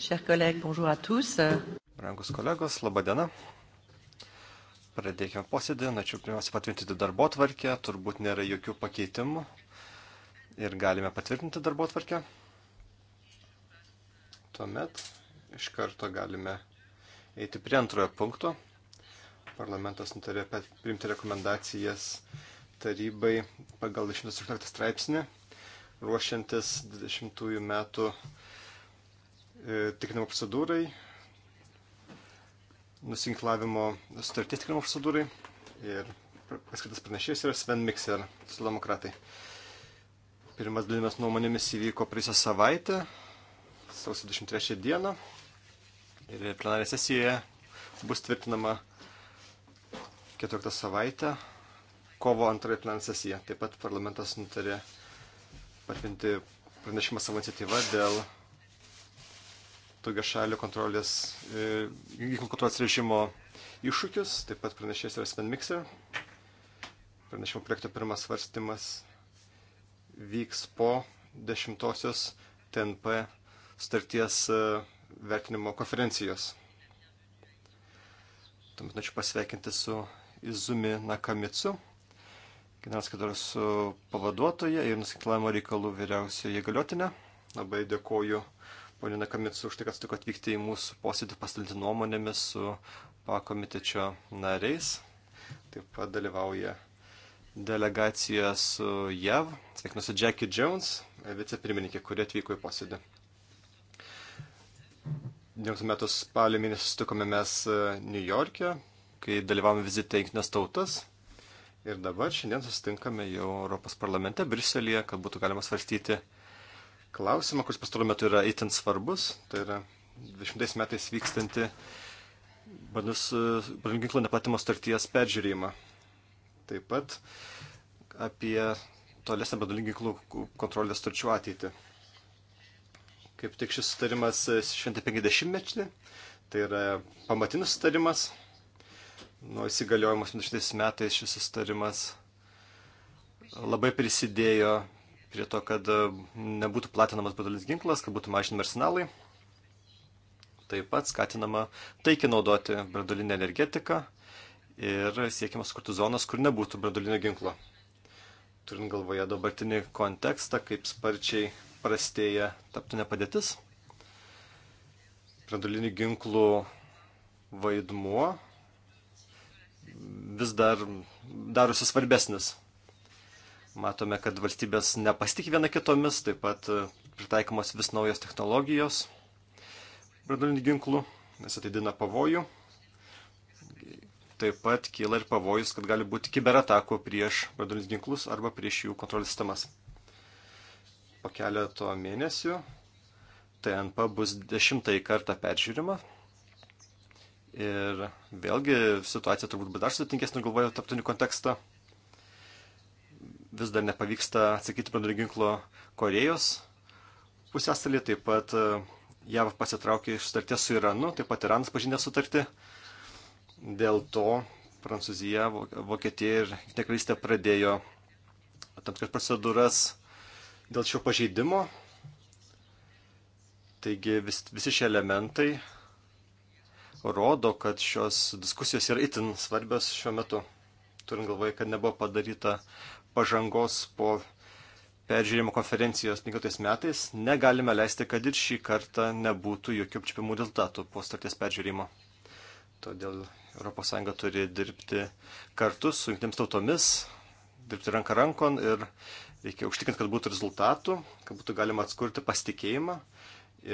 Chers collègues, bonjour à tous. Brangus kolegos, laba diena. Pradėkime posėdį, norėčiau pirmiausia patvirtinti darbo tvarkę, turbūt nėra jokių pakeitimų ir galime patvirtinti darbo tvarkę. Tuomet iš karto galime eiti prie antrojo punkto. Parlamentas nutarė priimti rekomendacijas tarybai pagal 118 straipsnį, ruošiantis 20 metų E, tikrinimo procedūrai, nusinklavimo sutarties tikrinimo procedūrai ir paskirtas pranešėjas yra Sven Mikser, Sudamokratai. Pirmas dalymas nuomonėmis įvyko praeisą savaitę, sausio 23 dieną ir plenarė sesijoje bus tvirtinama 14 savaitę, kovo antrąją plenarę sesiją. Taip pat parlamentas nutarė patvirtinti pranešimą savo iniciatyvą dėl tokia šalio kontrolės, e, ginklų kontrolės režimo iššūkius, taip pat pranešės yra Sven Mixer. Pranešimo projekto pirmas svarstymas vyks po dešimtosios TNP starties e, vertinimo konferencijos. Tuomet norėčiau pasveikinti su Izumi Nakamitsu, generalinis kadras pavaduotoja ir nusiklaimo reikalų vyriausioje galiotinė. Labai dėkoju Polina Kamits už tai, kad sutiko atvykti į mūsų posėdį pasidalinti nuomonėmis su pakomitečio nariais. Taip pat dalyvauja delegacija su JAV. Sveikinuosi Jackie Jones, vicepirmininkė, kuri atvyko į posėdį. 19 metų spalio mėnesį sutikome mes e, New York'e, kai dalyvavome vizite Junktinės tautas. Ir dabar šiandien susitinkame jau Europos parlamente, Briuselėje, kad būtų galima svarstyti klausimą, kuris pastaruoju metu yra itin svarbus. Tai yra 20 metais vykstanti brangių e, ginklų neplatimo starties peržiūrėjimą. Taip pat apie tolesnę brangių ginklų kontrolės starčių ateitį. Kaip tik šis sustarimas e, šventė 50 metį, tai yra pamatinis sustarimas. Nuo įsigaliojimo 70 metais šis sustarimas labai prisidėjo prie to, kad e, nebūtų platinamas branduolinis ginklas, kad būtų mažinami arsenalai. Taip pat skatinama taikiai naudoti branduolinę energetiką ir siekiama sukurti zonas, kur nebūtų branduolinio ginklo. Turint galvoje dabartinį kontekstą, kaip sparčiai prastėja taptinė padėtis, branduolinių ginklų vaidmuo vis dar darosi svarbesnis Matome, kad valstybės nepasitik viena kitomis, taip pat e, pritaikomos vis naujos technologijos branduolinių ginklų, nes atidina tai pavojų. Taip pat kyla ir pavojus, kad gali būti kiberatakų prieš branduolinius ginklus arba prieš jų kontrolės sistemas. Po keleto mėnesių TNP bus dešimtąjį kartą peržiūrima. Ir vėlgi situacija turbūt bus dar sudėtingesnė, galvoju, taptinių kontekstą vis dar nepavyksta atsakyti branduolinio ginklo Korejos pusėsalį, taip pat e, JAV pasitraukė iš sutarties su Iranu, taip pat Iranas pažinė sutartį. Dėl to Prancūzija, Vokietija ir Nekalystė pradėjo tam tikras procedūras dėl šio pažeidimo. Taigi vis, visi šie elementai rodo, kad šios diskusijos yra itin svarbios šiuo metu, turint galvoje, kad nebuvo padaryta pažangos po peržiūrėjimo konferencijos 15 metais, negalime leisti, kad ir šį kartą nebūtų jokių apčiopimų rezultatų po starties peržiūrėjimo. Todėl ES turi dirbti kartu su jungtinėms tautomis, dirbti ranką rankon ir reikia užtikrinti, kad būtų rezultatų, kad būtų galima atskurti pasitikėjimą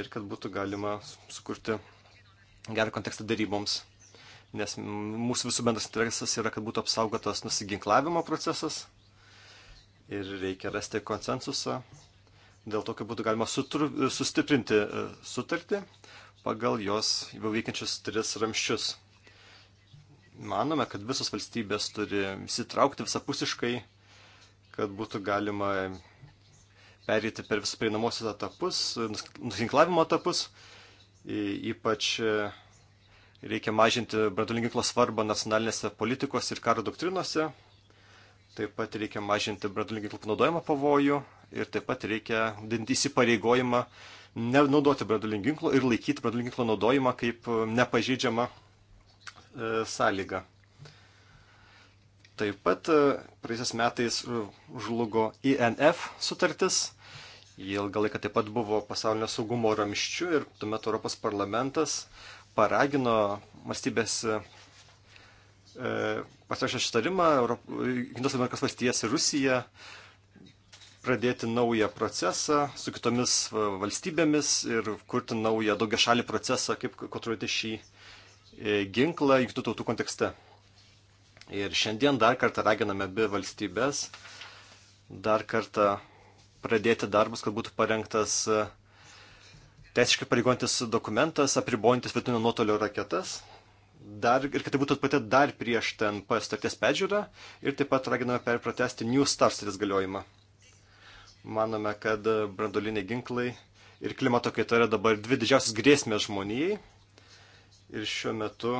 ir kad būtų galima sukurti gerą kontekstą daryboms. Nes mūsų visų bendras interesas yra, kad būtų apsaugotas nusiginklavimo procesas ir reikia rasti konsensusą. Dėl to, kaip būtų galima sutru, sustiprinti e, sutartį pagal jos jau veikiančius tris ramščius. Manome, kad visos valstybės turi įsitraukti visapusiškai, kad būtų galima perėti per visus prieinamosius etapus, nusinklavimo etapus, ypač e, reikia mažinti branduolinio ginklo svarbą nacionalinėse politikos ir karo doktrinose, Taip pat reikia mažinti branduolinių ginklų panaudojimo pavojų ir taip pat reikia didinti įsipareigojimą nenaudoti branduolinių ginklų ir laikyti branduolinių ginklų naudojimą kaip e, nepažydžiamą e, sąlygą. Taip pat e, praeisiais metais e, žlugo INF sutartis. Jie ilgą laiką taip pat buvo pasaulinio saugumo ramščių ir tuomet Europos parlamentas paragino valstybės E, pasirašė šitarimą, Junktinės Amerikos valstijas ir Rusija, pradėti naują procesą su kitomis valstybėmis ir kurti naują daugia šalį procesą, kaip kontroliuoti šį e, ginklą Junktinių tautų kontekste. Ir šiandien dar kartą raginame abi valstybės dar kartą pradėti darbus, kad būtų parengtas e, teisiškai pareigojantis dokumentas, apribojantis vietinio nuotolio raketas dar, ir kad tai būtų pati dar prieš TNP sutarties peržiūrą ir taip pat raginame perpratesti New Star sutarties galiojimą. Manome, kad brandoliniai ginklai ir klimato kaita yra dabar dvi didžiausias grėsmės žmonijai ir šiuo metu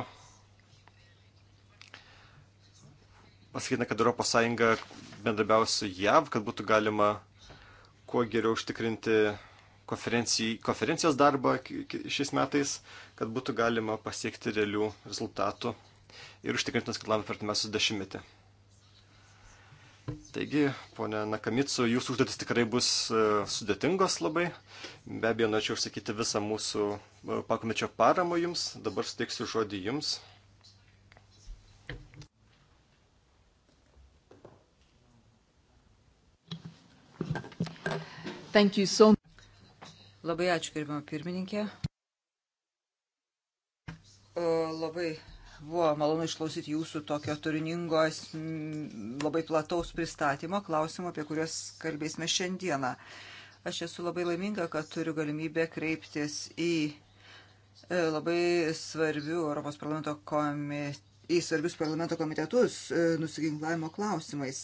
pasakytina, kad ES bendrabiausia JAV, kad būtų galima kuo geriau užtikrinti konferencijos darbą šiais metais, kad būtų galima pasiekti realių rezultatų ir užtikrinti nuskatlamą per artimiausius dešimtmetį. Taigi, ponė Nakamitsu, jūsų užduotis tikrai bus e, sudėtingos labai. Be abejo, norėčiau užsakyti visą mūsų e, pakomečio paramą jums. Dabar suteiksiu žodį jums. So Labai ačiū, gerbimo pirmininkė. Labai buvo malonu išklausyti jūsų tokio turiningo, labai plataus pristatymo klausimų, apie kuriuos kalbėsime šiandieną. Aš esu labai laiminga, kad turiu galimybę kreiptis į e, labai svarbių Europos parlamento komitetų į svarbius parlamento komitetus e, nusiginklavimo klausimais.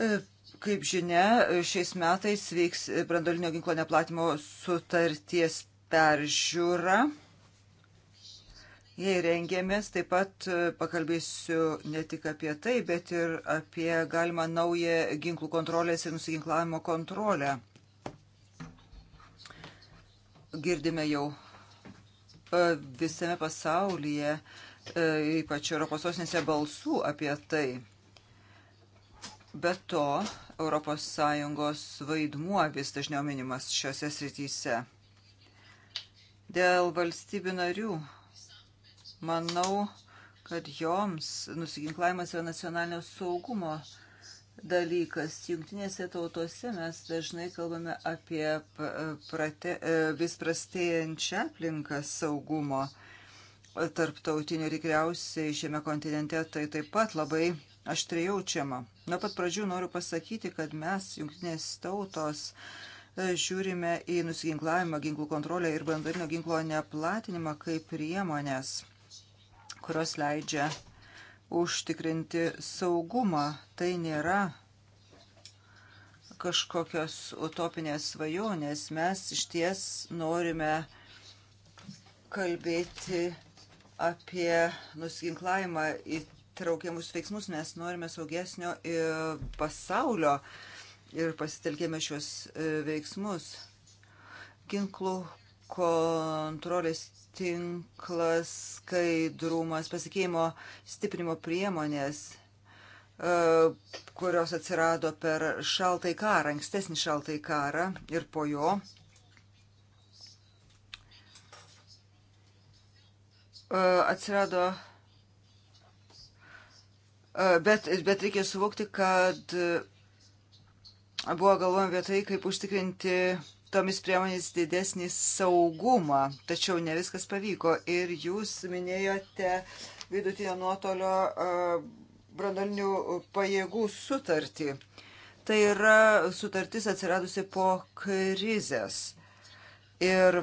E, Kaip žinia, šiais metais vyks brandolinio ginklo neplatimo sutarties peržiūra. Jei rengėmės, taip pat e, pakalbėsiu ne tik apie tai, bet ir apie galimą naują ginklų kontrolės ir nusiginklavimo kontrolę. Girdime jau e, visame pasaulyje, e, ypač Europos sostinėse, balsų apie tai. Be to, ES vaidmuo vis dažniau minimas šiuose srityse. Dėl valstybių narių, manau, kad joms nusiginklavimas yra nacionalinio saugumo dalykas. Junktinėse tautose mes dažnai kalbame apie prate, vis prastėjančią aplinką saugumo tarptautinių ir tikriausiai šiame kontinente tai taip pat labai aštriai jaučiama. Nuo pat pradžių noriu pasakyti, kad mes, jungtinės tautos, e, žiūrime į nusiginklavimą, ginklų kontrolę ir brandarinio ginklo neplatinimą kaip priemonės, kurios leidžia užtikrinti saugumą. Tai nėra kažkokios utopinės svajonės. Mes iš ties norime kalbėti apie nusiginklavimą į įtraukiamus veiksmus, mes norime saugesnio pasaulio ir pasitelkėme šios e, veiksmus. Ginklų kontrolės tinklas, skaidrumas, pasikeimo stiprinimo priemonės, e, kurios atsirado per šaltai karą, ankstesnį šaltai karą ir po jo. E, atsirado E, bet, bet reikia suvokti, kad e, buvo galvojama apie tai, kaip užtikrinti tomis priemonės didesnį saugumą, tačiau ne viskas pavyko. Ir jūs minėjote vidutinio nuotolio e, brandolinių pajėgų sutartį. Tai yra sutartis atsiradusi po krizės. Ir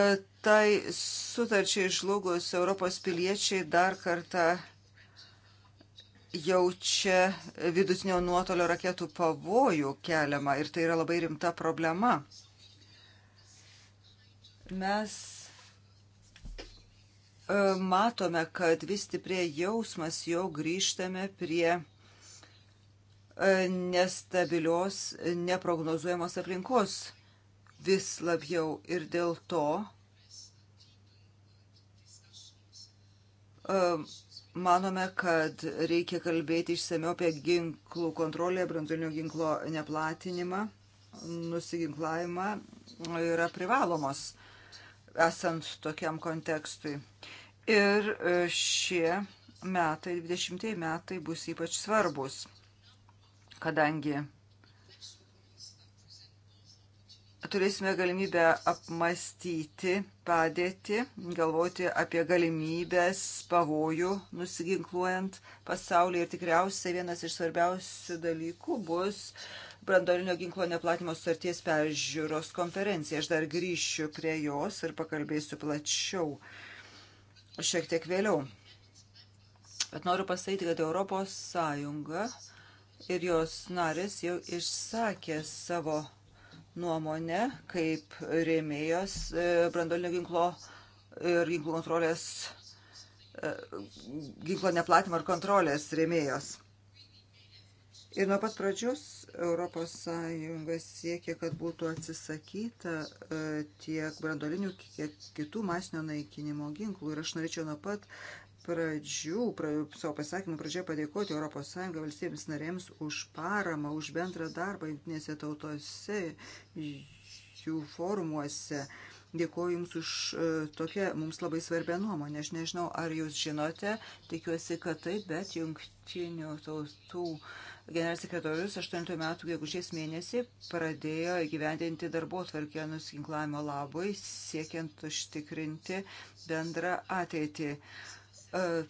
E, tai sutarčiai žlugus Europos piliečiai dar kartą jaučia vidutinio nuotolio raketų pavojų keliamą ir tai yra labai rimta problema. Mes e, matome, kad vis stiprėja jausmas, jau grįžtame prie e, nestabilios, neprognozuojamos aplinkos vis labiau ir dėl to e, manome, kad reikia kalbėti išsameu apie ginklų kontrolę, branduolinio ginklo neplatinimą, nusiginklavimą yra privalomos esant tokiam kontekstui. Ir e, šie metai, 20 metai bus ypač svarbus, kadangi turėsime galimybę apmastyti padėtį, galvoti apie galimybės, pavojų nusiginkluojant pasaulį ir tikriausiai vienas iš svarbiausių dalykų bus brandolinio ginklo neplatimo sarties peržiūros konferencija. Aš dar grįšiu prie jos ir pakalbėsiu plačiau šiek tiek vėliau. Bet noriu pasakyti, kad Europos Sąjunga ir jos narės jau išsakė savo nuomonę kaip rėmėjos e, brandolinio ginklo ir ginklų kontrolės, e, ginklo neplatimo ir kontrolės rėmėjos. Ir nuo pat pradžios ES siekia, kad būtų atsisakyta e, tiek brandolinių, tiek kitų masinio naikinimo ginklų. Ir aš norėčiau nuo pat pradžių, pra, savo pasakymų pradžioje padėkoti ES valstybėms narėms už paramą, už bendrą darbą jungtinėse tautose, jų formuose. Dėkuoju Jums už e, tokią mums labai svarbę nuomonę. Aš nežinau, ar Jūs žinote, tikiuosi, kad taip, bet jungtinių tautų generalinis sekretorius 8 metų gegužės mėnesį pradėjo įgyvendinti darbo tvarkę nusinklavimo labui, siekiant užtikrinti bendrą ateitį. Uh, E,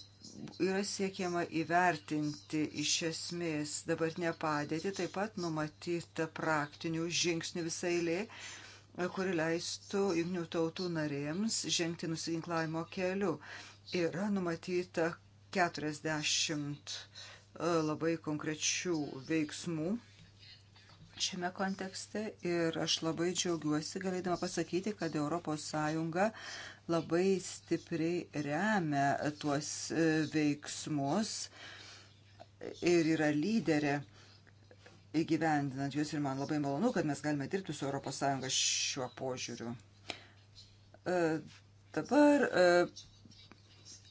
yra siekiama įvertinti iš esmės dabartinę padėtį, taip pat numatyta praktinių žingsnių visai lė, e, kuri leistų jungtinių tautų narėms žengti nusiginklavimo keliu. Yra numatyta 40 e, labai konkrečių veiksmų šiame kontekste ir aš labai džiaugiuosi galėdama pasakyti, kad ES labai stipriai remia tuos e, veiksmus ir yra lyderė įgyvendinant juos ir man labai malonu, kad mes galime dirbti su ES šiuo požiūriu. E, dabar e,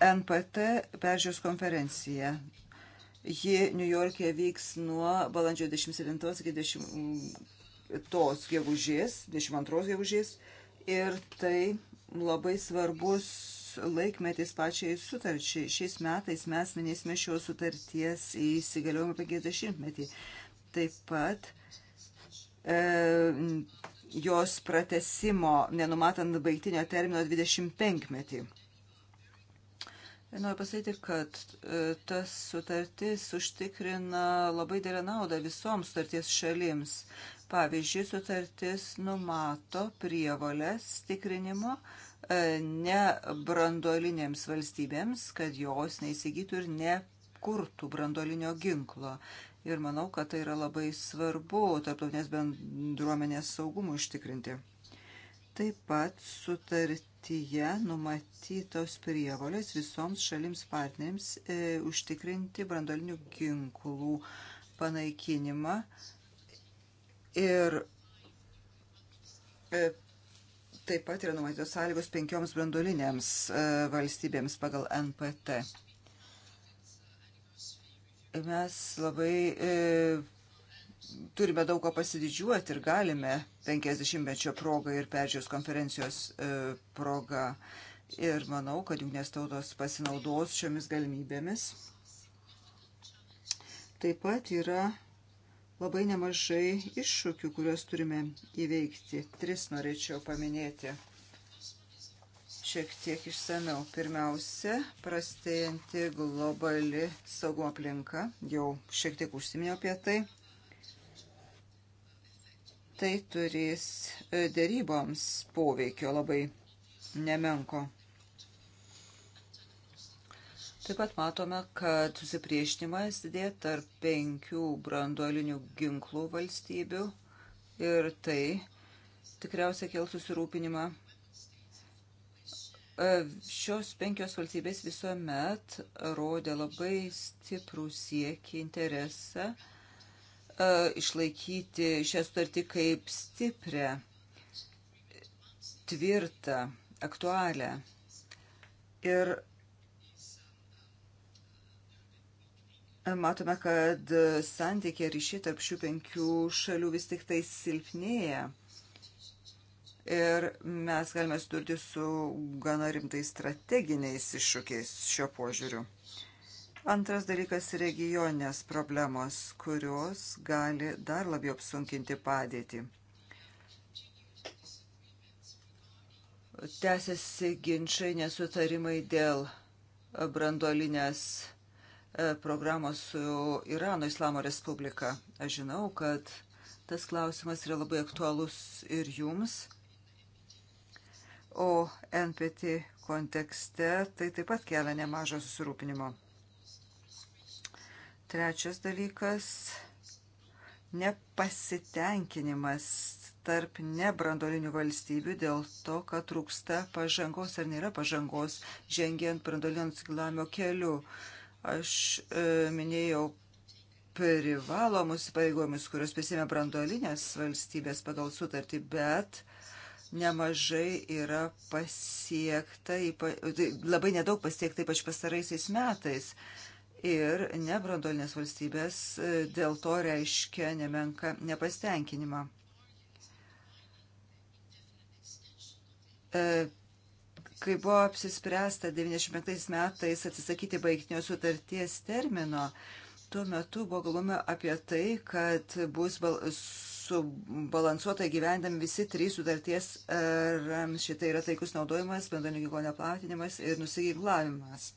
NPT peržiūros konferencija. Ji New York'e vyks nuo balandžio 17 iki 10 tos gegužės, 22 gegužės ir tai labai svarbus laikmetis pačiai sutarčiai. Šiais metais mes minėsime šios sutarties įsigaliojimą 50-metį. Taip pat e, jos pratesimo, nenumatant baigtinio termino 25-metį. Noriu pasakyti, kad e, tas sutartis užtikrina labai dėlę naudą visoms sutarties šalims. Pavyzdžiui, sutartis numato prievolės tikrinimo e, ne brandolinėms valstybėms, kad jos neįsigytų ir nekurtų brandolinio ginklo. Ir manau, kad tai yra labai svarbu tarptautinės bendruomenės saugumų užtikrinti. Taip pat sutartyje numatytos prievolės visoms šalims partneriams e, užtikrinti brandolinių ginklų panaikinimą Ir e, taip pat yra numatytos sąlygos penkioms branduolinėms e, valstybėms pagal NPT. Mes labai e, turime daug ko pasididžiuoti ir galime 50-mečio progą ir peržiūros konferencijos e, progą. Ir manau, kad jungtinės tautos pasinaudos šiomis galimybėmis. Taip pat yra labai nemažai iššūkių, kuriuos turime įveikti. Tris norėčiau paminėti šiek tiek išsameu. Pirmiausia, prastėjanti globali saugumo aplinka, jau šiek tiek užsiminiau apie tai. Tai turės e, dėryboms poveikio labai nemenko. Taip pat matome, kad susipriešinimas didėja tarp penkių branduolinių ginklų valstybių ir tai tikriausiai kėl susirūpinimą. E, šios penkios valstybės visuomet rodė labai stiprų siekį interesą e, išlaikyti šią sutartį kaip stiprią, tvirtą, aktualią. Ir Matome, kad santykiai ryšiai tarp šių penkių šalių vis tik tai silpnėja. Ir mes galime sudurti su gana rimtais strateginiais iššūkiais šio požiūriu. Antras dalykas - regioninės problemos, kurios gali dar labiau apsunkinti padėtį. Tęsiasi ginčiai nesutarimai dėl brandolinės E, programos su Irano Islamo Respublika. Aš žinau, kad tas klausimas yra labai aktualus ir jums. O NPT kontekste tai taip pat kelia nemažo susirūpinimo. Trečias dalykas - nepasitenkinimas tarp nebrandolinių valstybių dėl to, kad trūksta pažangos ar nėra pažangos žengiant brandolinio atsiglamio keliu. Uh, Aš e, minėjau privalomus įpareigojimus, kurios prisėmė brandolinės valstybės pagal sutartį, bet nemažai yra pasiekta, tai labai nedaug pasiekta, ypač pastaraisiais metais. Ir nebrandolinės valstybės e, dėl to reiškia nemenka nepastenkinimą. E, kai buvo apsispręsta 95 metais atsisakyti baigtinio sutarties termino, tuo metu buvo galvome apie tai, kad bus bal subalansuota gyvendami visi trys sutarties e, ramšiai. Tai yra taikus naudojimas, bendrinio ginklo neplatinimas ir nusiginklavimas.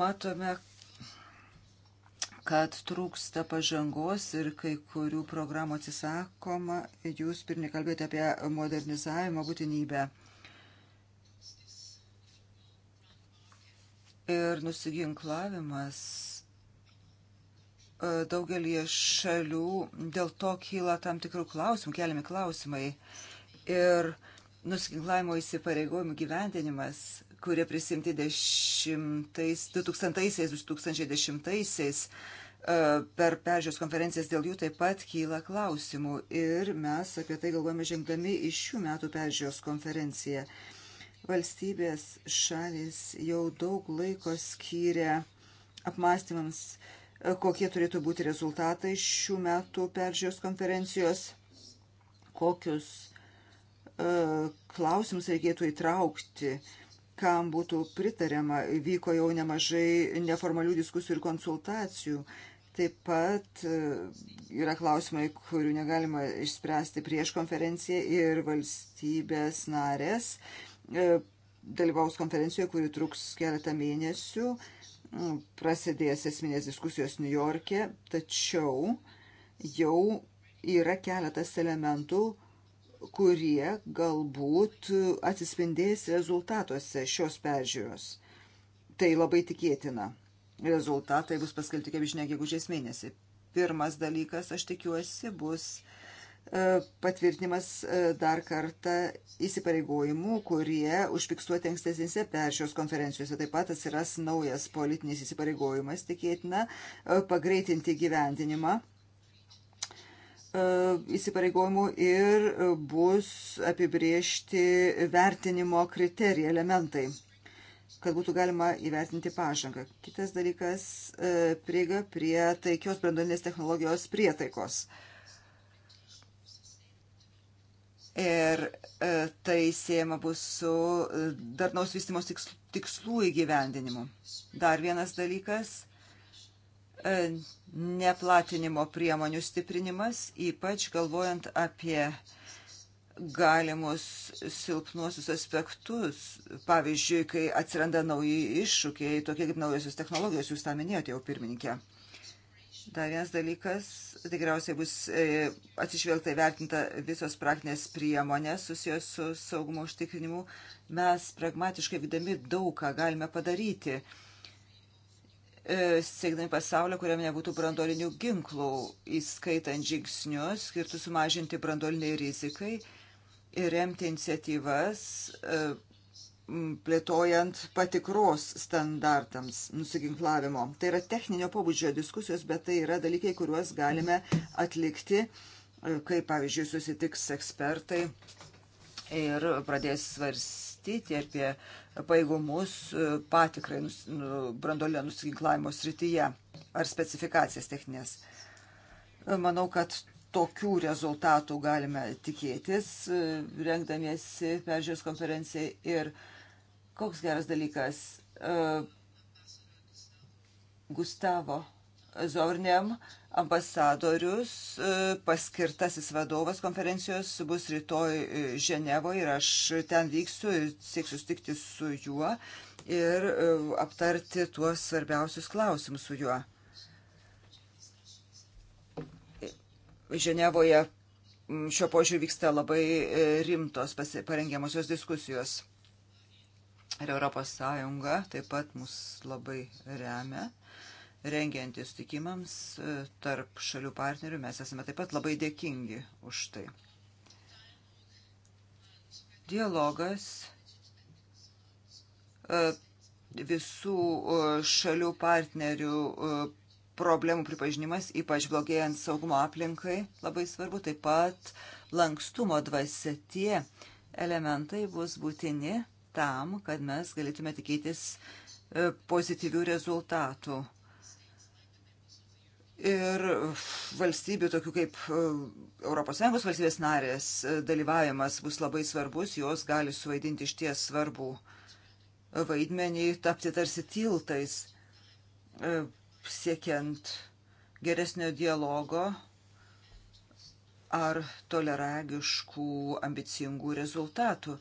Matome, kad trūksta pažangos ir kai kurių programų atsisakoma. Jūs pirmininkai kalbėjote apie modernizavimo būtinybę. ir nusiginklavimas e, daugelį šalių dėl to kyla tam tikrų klausimų, keliami klausimai. Ir nusiginklavimo įsipareigojimų gyvendinimas, kurie prisimti 2000-2010 e, per peržiūros konferencijas dėl jų taip pat kyla klausimų. Ir mes apie tai galvojame žengdami iš šių metų peržiūros konferenciją. Valstybės šalis jau daug laiko skyrė apmąstymams, e, kokie turėtų būti rezultatai šių metų peržiūros konferencijos, kokius e, klausimus reikėtų įtraukti kam būtų pritariama. Vyko jau nemažai neformalių diskusijų ir konsultacijų. Taip pat e, yra klausimai, kurių negalima išspręsti prieš konferenciją ir valstybės narės E, dalyvaus konferencijoje, kuri truks keletą mėnesių. Mm, prasidės esminės diskusijos New York'e, tačiau jau yra keletas elementų, kurie galbūt atsispindės rezultatuose šios peržiūros. Tai labai tikėtina. Rezultatai bus paskelbti, kaip žinia, gegužės mėnesį. Pirmas dalykas, aš tikiuosi, bus E, patvirtinimas e, dar kartą įsipareigojimų, kurie užfiksuoti ankstesnėse peršios konferencijose. Taip pat atsiras naujas politinis įsipareigojimas, tikėtina, e, pagreitinti gyvendinimą įsipareigojimų ir bus apibriežti vertinimo kriterijai, elementai kad būtų galima įvertinti pažangą. Kitas dalykas - prieiga prie taikios brandolinės technologijos prietaikos. Uh, ir e, tai siejama bus su e, darnaus vystimos tikslų įgyvendinimu. Dar vienas dalykas e, - neplatinimo priemonių stiprinimas, ypač galvojant apie galimus silpnuosius aspektus. Pavyzdžiui, kai atsiranda nauji iššūkiai, tokie kaip naujosios technologijos, jūs tą minėjote jau pirmininkė. Dar vienas dalykas, tikriausiai bus e, atsižvelgta įvertinta visos praktinės priemonės susijęs su saugumo užtikrinimu. Mes pragmatiškai vidami daug ką galime padaryti, e, siekdami pasaulio, kuriame nebūtų brandolinių ginklų, įskaitant žingsnius, skirtų sumažinti brandoliniai rizikai ir remti iniciatyvas. E, plėtojant patikros standartams nusiginklavimo. Tai yra techninio pobūdžio diskusijos, bet tai yra dalykai, kuriuos galime atlikti, e, kai, pavyzdžiui, susitiks ekspertai ir pradės svarstyti apie paėgumus e, patikrai brandolio nusiginklavimo srityje ar specifikacijas techninės. E, manau, kad tokių rezultatų galime tikėtis, rengdamiesi peržiūros konferencijai ir uh, Koks geras dalykas. E, Gustavo Zorniam ambasadorius, e, paskirtasis vadovas konferencijos bus rytoj e, Ženevoje ir aš ten vyksiu ir sieksiu sutikti su juo ir aptarti tuos svarbiausius klausimus su juo. Ženevoje šiuo požiūriu vyksta labai rimtos parengiamosios diskusijos. Ir Europos Sąjunga taip pat mus labai remia, rengiantis tikimams e, tarp šalių partnerių. Mes esame taip pat labai dėkingi už tai. Dialogas e, visų e, šalių partnerių problemų pripažinimas, ypač blogėjant saugumo aplinkai, labai svarbu. Taip pat lankstumo dvasia tie elementai bus būtini tam, kad mes galėtume tikėtis e, pozityvių rezultatų. Ir valstybių, tokių kaip ES valstybės narės, e, dalyvavimas bus labai svarbus, jos gali suvaidinti iš ties svarbų e, vaidmenį, tapti tarsi tiltais, siekiant geresnio dialogo ar toleragiškų ambicingų rezultatų.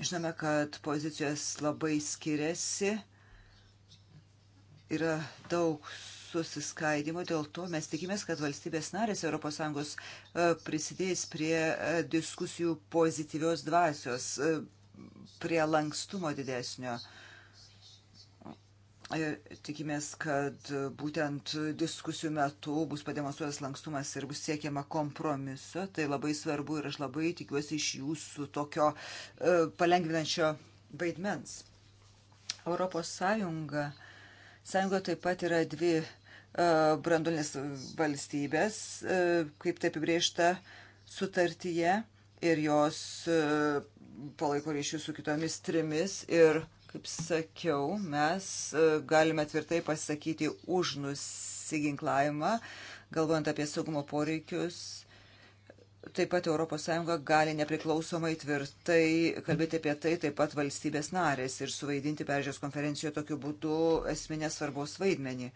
Žinome, kad pozicijos labai skiriasi, yra daug susiskaidimo, dėl to mes tikimės, kad valstybės narės ES e, prisidės prie e, diskusijų pozityvios dvasios, e, prie lankstumo didesnio. E, tikimės, kad būtent diskusijų metu bus pademonstruotas lankstumas ir bus siekiama kompromiso. Tai labai svarbu ir aš labai tikiuosi iš jūsų tokio e, palengvinančio vaidmens. Europos Sąjunga. Sąjunga taip pat yra dvi e, brandulinės valstybės, kaip tai apibriešta sutartyje, ir jos palaiko ryšių su kitomis trimis. Ir Kaip sakiau, mes e, galime tvirtai pasakyti už nusiginklavimą, galvojant apie saugumo poreikius. Taip pat ES gali nepriklausomai tvirtai kalbėti apie tai, taip pat valstybės narės ir suvaidinti peržiūros konferencijoje tokiu būdu esminės svarbos vaidmenį.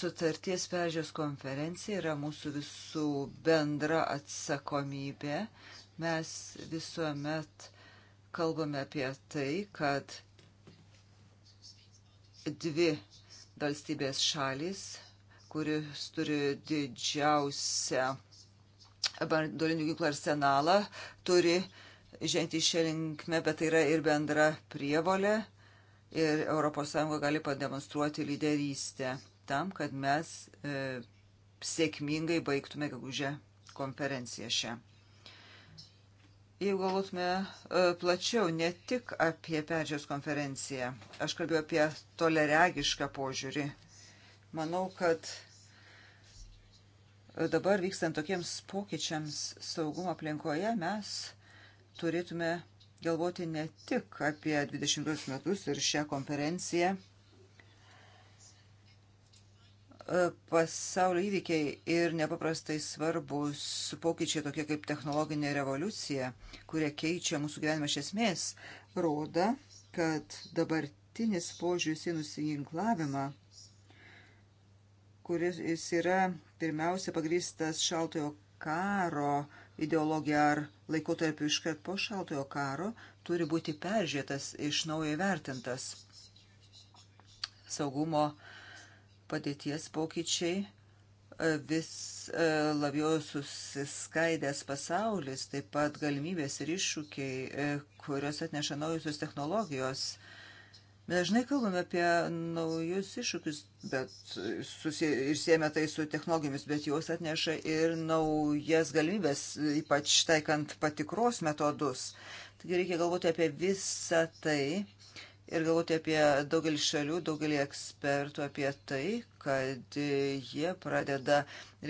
Sutarties peržiūros konferencija yra mūsų visų bendra atsakomybė. Mes visuomet kalbame apie tai, kad dvi valstybės šalis, kuris turi didžiausią bandolinių ginklų arsenalą, turi žengti šią linkmę, bet tai yra ir bendra prievolė ir ES gali pademonstruoti lyderystę tam, kad mes e, sėkmingai baigtume gegužę konferenciją šią. Jeigu galvotume e, plačiau, ne tik apie peržiūros konferenciją, aš kalbėjau apie toleregišką požiūrį. Manau, kad e, dabar vykstant tokiems pokyčiams saugumo aplinkoje mes turėtume galvoti ne tik apie 20 metus ir šią konferenciją, E, pasaulio įvykiai ir nepaprastai svarbus pokyčiai tokie kaip technologinė revoliucija, kurie keičia mūsų gyvenimą iš esmės, rodo, kad dabartinis požiūris į nusiginklavimą, kuris yra pirmiausia pagrįstas šaltojo karo ideologija ar laikotarpiu iškart po šaltojo karo, turi būti peržiūrėtas iš naujo įvertintas saugumo uh, padėties pokyčiai, e, vis e, labiau susiskaidęs pasaulis, taip pat galimybės ir iššūkiai, e, kurios atneša naujusios technologijos. Mes dažnai kalbame apie naujus iššūkius, bet susijęme tai su technologijomis, bet jos atneša ir naujas galimybės, ypač taikant patikros metodus. Taigi reikia galvoti apie visą tai ir galvoti apie daugelį šalių, daugelį ekspertų, apie tai, kad jie pradeda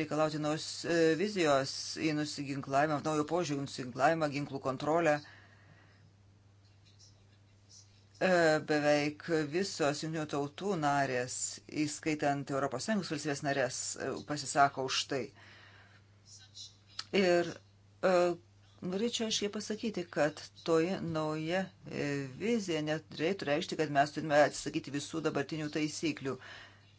reikalauti naus e, vizijos į nusiginklavimą, naujo požiūrį nusiginklavimą, ginklų kontrolę. E, beveik visos jungtinių tautų narės, įskaitant ES valstybės narės, e, pasisako už tai. Ir Norėčiau aiškiai pasakyti, kad toji nauja e, vizija neturėtų reikšti, kad mes turime atsisakyti visų dabartinių taisyklių.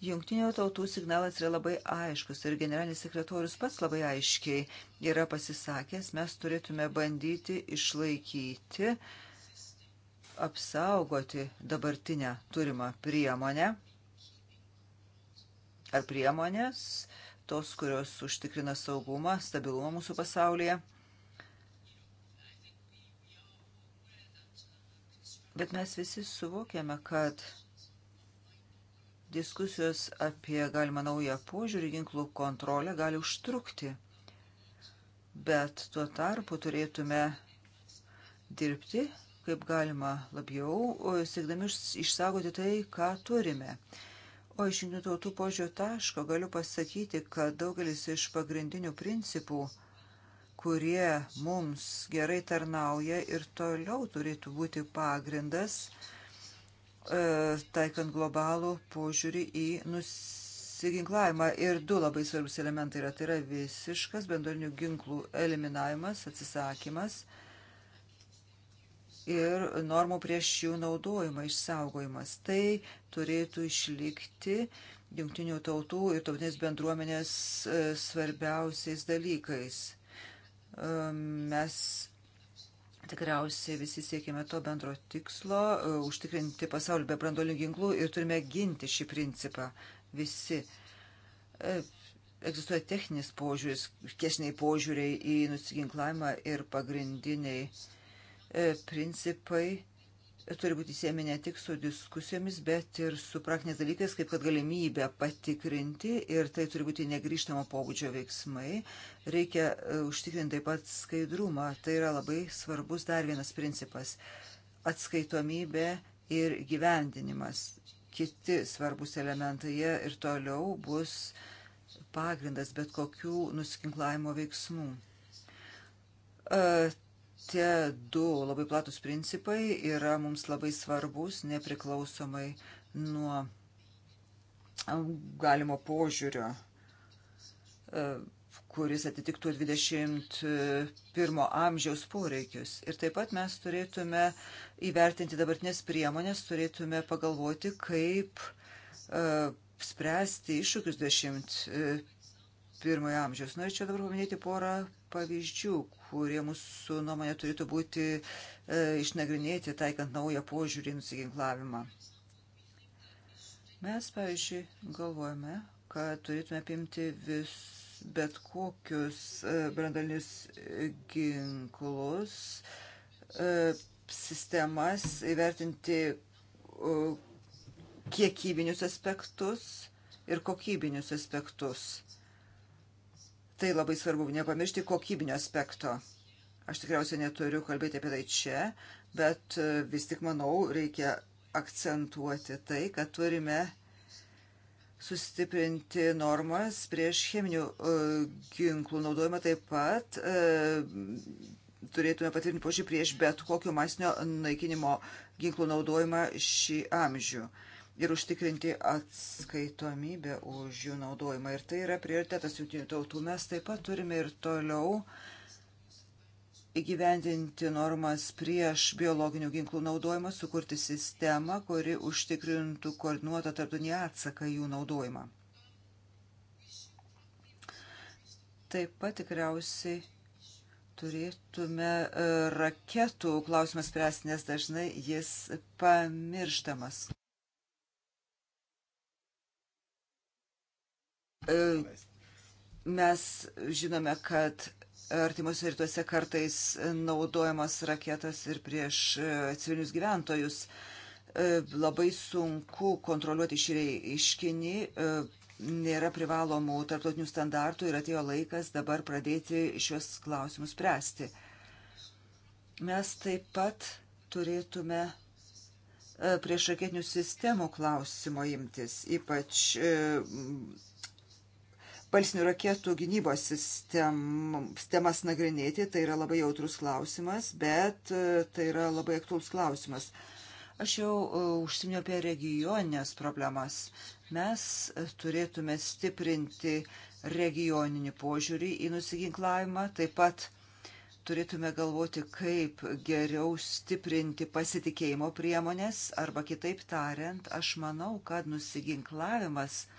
Jungtinių tautų signalas yra labai aiškus ir generalinis sekretorius pats labai aiškiai yra pasisakęs, mes turėtume bandyti išlaikyti, apsaugoti dabartinę turimą priemonę ar priemonės, tos, kurios užtikrina saugumą, stabilumą mūsų pasaulyje Bet mes visi suvokiame, kad diskusijos apie galimą naują požiūrį ginklų kontrolę gali užtrukti. Bet tuo tarpu turėtume dirbti kaip galima labiau, siekdami išsaugoti tai, ką turime. O iš jungtinių tautų požiūrio taško galiu pasakyti, kad daugelis iš pagrindinių principų – kurie mums gerai tarnauja ir toliau turėtų būti pagrindas e, taikant globalų požiūrį į nusiginklavimą. Ir du labai svarbus elementai yra, tai yra visiškas bendrinių ginklų eliminavimas, atsisakymas ir normų prieš jų naudojimą išsaugojimas. Tai turėtų išlikti jungtinių tautų ir tautinės bendruomenės e, svarbiausiais dalykais. Mes tikriausiai visi siekime to bendro tikslo e, - užtikrinti pasaulį be brandolių ginklų ir turime ginti šį principą visi. E, egzistuoja techninis požiūris, kiesniai požiūriai į nusiginklavimą ir pagrindiniai e, principai turi būti siejami ne tik su diskusijomis, bet ir su praktiniais dalykais, kaip kad galimybė patikrinti ir tai turi būti negryžtamo pobūdžio veiksmai. Reikia e, užtikrinti taip pat skaidrumą. Tai yra labai svarbus dar vienas principas - atskaitomybė ir gyvendinimas. Kiti svarbus elementai jie ir toliau bus pagrindas bet kokių nusikinklavimo veiksmų. E, tie du labai platus principai yra mums labai svarbus, nepriklausomai nuo galimo požiūrio, e, kuris atitiktų 21 amžiaus poreikius. Ir taip pat mes turėtume įvertinti dabartinės priemonės, turėtume pagalvoti, kaip e, spręsti iššūkius 21 amžiaus. Norėčiau dabar paminėti porą pavyzdžių, kurie mūsų nuomonė turėtų būti e, išnagrinėti, taikant naują požiūrį nusiginklavimą. Mes, pavyzdžiui, galvojame, kad turėtume apimti vis bet kokius e, brandalinius ginklus, e, sistemas, įvertinti e, kiekybinius aspektus ir kokybinius aspektus tai labai svarbu nepamiršti kokybinio aspekto. Aš tikriausiai neturiu kalbėti apie tai čia, bet e, vis tik manau, reikia akcentuoti tai, kad turime sustiprinti normas prieš cheminių e, ginklų naudojimą taip pat. E, turėtume patvirtinti požiūrį prieš bet kokio masinio naikinimo ginklų naudojimą šį amžių ir užtikrinti atskaitomybę už jų naudojimą. Ir tai yra prioritetas jungtinių tautų. Mes taip pat turime ir toliau įgyvendinti normas prieš biologinių ginklų naudojimą, sukurti sistemą, kuri užtikrintų koordinuotą tarptautinį atsaką jų naudojimą. Taip pat tikriausiai turėtume e, raketų klausimas spręsti, nes dažnai jis pamirštamas. E, mes žinome, kad artimuose rytuose kartais naudojamos raketos ir prieš e, civilius gyventojus. E, labai sunku kontroliuoti šį reiškinį, nėra privalomų tarptautinių standartų ir atėjo laikas dabar pradėti šios klausimus spręsti. Mes taip pat turėtume prieš raketinių sistemų klausimo imtis, ypač balsinių raketų gynybos sistem, sistemas nagrinėti. Tai yra labai jautrus klausimas, bet e, tai yra labai aktuolus klausimas. Aš jau e, užsiminiau apie regioninės problemas. Mes e, turėtume stiprinti regioninį požiūrį į nusiginklavimą, taip pat turėtume galvoti, kaip geriau stiprinti pasitikėjimo priemonės, arba kitaip tariant, aš manau, kad nusiginklavimas –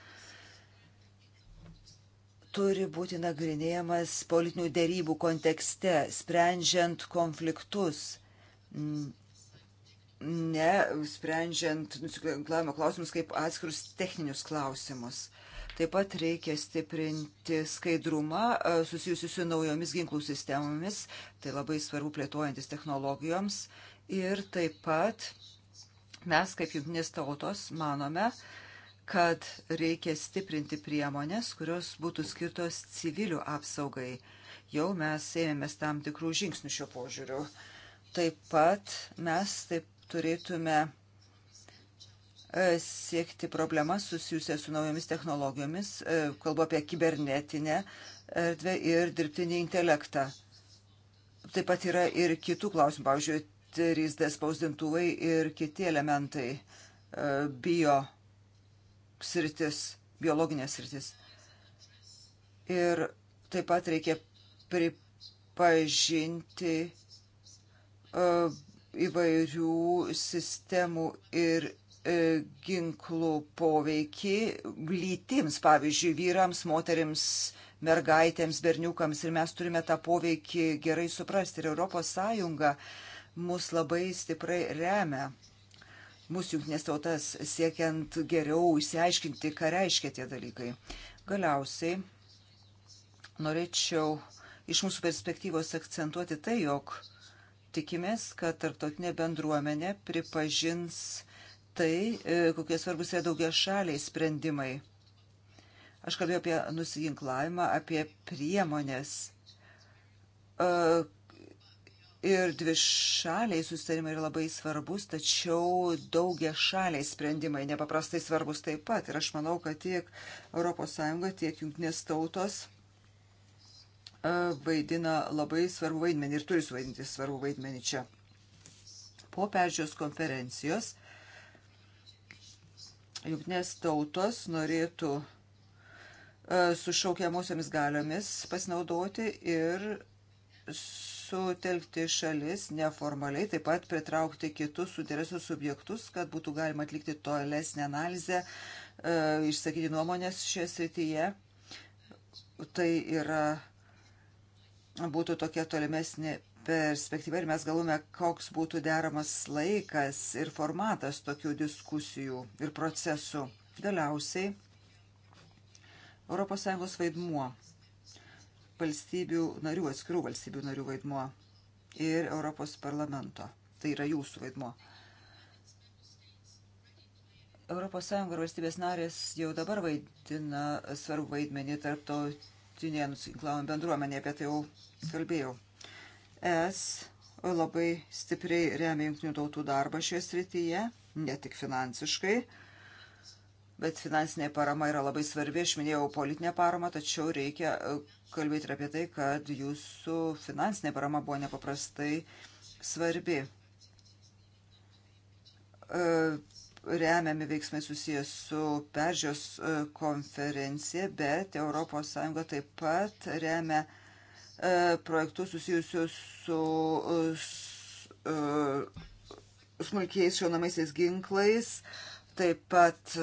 turi būti nagrinėjamas politinių dėrybų kontekste, sprendžiant konfliktus, ne sprendžiant nusiklanklavimo klausimus kaip atskirus techninius klausimus. Taip pat reikia stiprinti skaidrumą e, susijusiu su naujomis ginklų sistemomis, tai labai svarbu plėtojantis technologijoms. Ir taip pat mes, kaip jungtinės tautos, manome, kad reikia stiprinti priemonės, kurios būtų skirtos civilių apsaugai. Jau mes ėmėmės tam tikrų žingsnių šio požiūriu. Taip pat mes taip turėtume e, siekti problemas susijusią su naujomis technologijomis, e, kalbu apie kibernetinę erdvę ir dirbtinį intelektą. Taip pat yra ir kitų klausimų, pavyzdžiui, 3D spausdintuvai ir kiti elementai e, bio sritis, biologinės sritis. Ir taip pat reikia pripažinti uh, įvairių sistemų ir uh, ginklų poveikį lytims, pavyzdžiui, vyrams, moteriams, mergaitėms, berniukams. Ir mes turime tą poveikį gerai suprasti. Ir Europos Sąjunga mus labai stiprai remia mūsų jungtinės tautas, siekiant geriau išsiaiškinti, ką reiškia tie dalykai. Galiausiai norėčiau iš mūsų perspektyvos akcentuoti tai, jog tikimės, kad tarptautinė bendruomenė pripažins tai, e, kokie svarbus yra daugia šaliai sprendimai. Aš kalbėjau apie nusiginklavimą, apie priemonės, e, Ir dvišaliai susitarimai yra labai svarbus, tačiau daugia šaliai sprendimai nepaprastai svarbus taip pat. Ir aš manau, kad tiek ES, tiek jungtinės tautos e, vaidina labai svarbu vaidmenį ir turi suvaidinti svarbu vaidmenį čia. Po peržiūros konferencijos jungtinės tautos norėtų e, su šaukiamusiamis galiomis pasinaudoti ir sutelkti šalis neformaliai, taip pat pritraukti kitus suinteresuotus subjektus, kad būtų galima atlikti tolesnę analizę, e, išsakyti nuomonės šioje srityje. Tai yra, būtų tokia tolimesnė perspektyva ir mes galvome, koks būtų deramas laikas ir formatas tokių diskusijų ir procesų. Galiausiai ES vaidmuo valstybių narių, atskirų valstybių narių vaidmuo ir Europos parlamento. Tai yra jūsų vaidmuo. ES ir valstybės narės jau dabar vaidina svarbu vaidmenį tarptautinėje nusinklavimo bendruomenėje, apie tai jau kalbėjau. Es labai stipriai remia jungtinių tautų darbą šioje srityje, ne tik finansiškai, bet finansinė parama yra labai svarbi. Aš minėjau politinę paramą, tačiau reikia e, kalbėti ir apie tai, kad jūsų finansinė parama buvo nepaprastai svarbi. E, remiami veiksmai susijęs su peržios e, konferencija, bet ES taip pat remia projektus susijusius su smulkiais šaunamaisiais ginklais, taip pat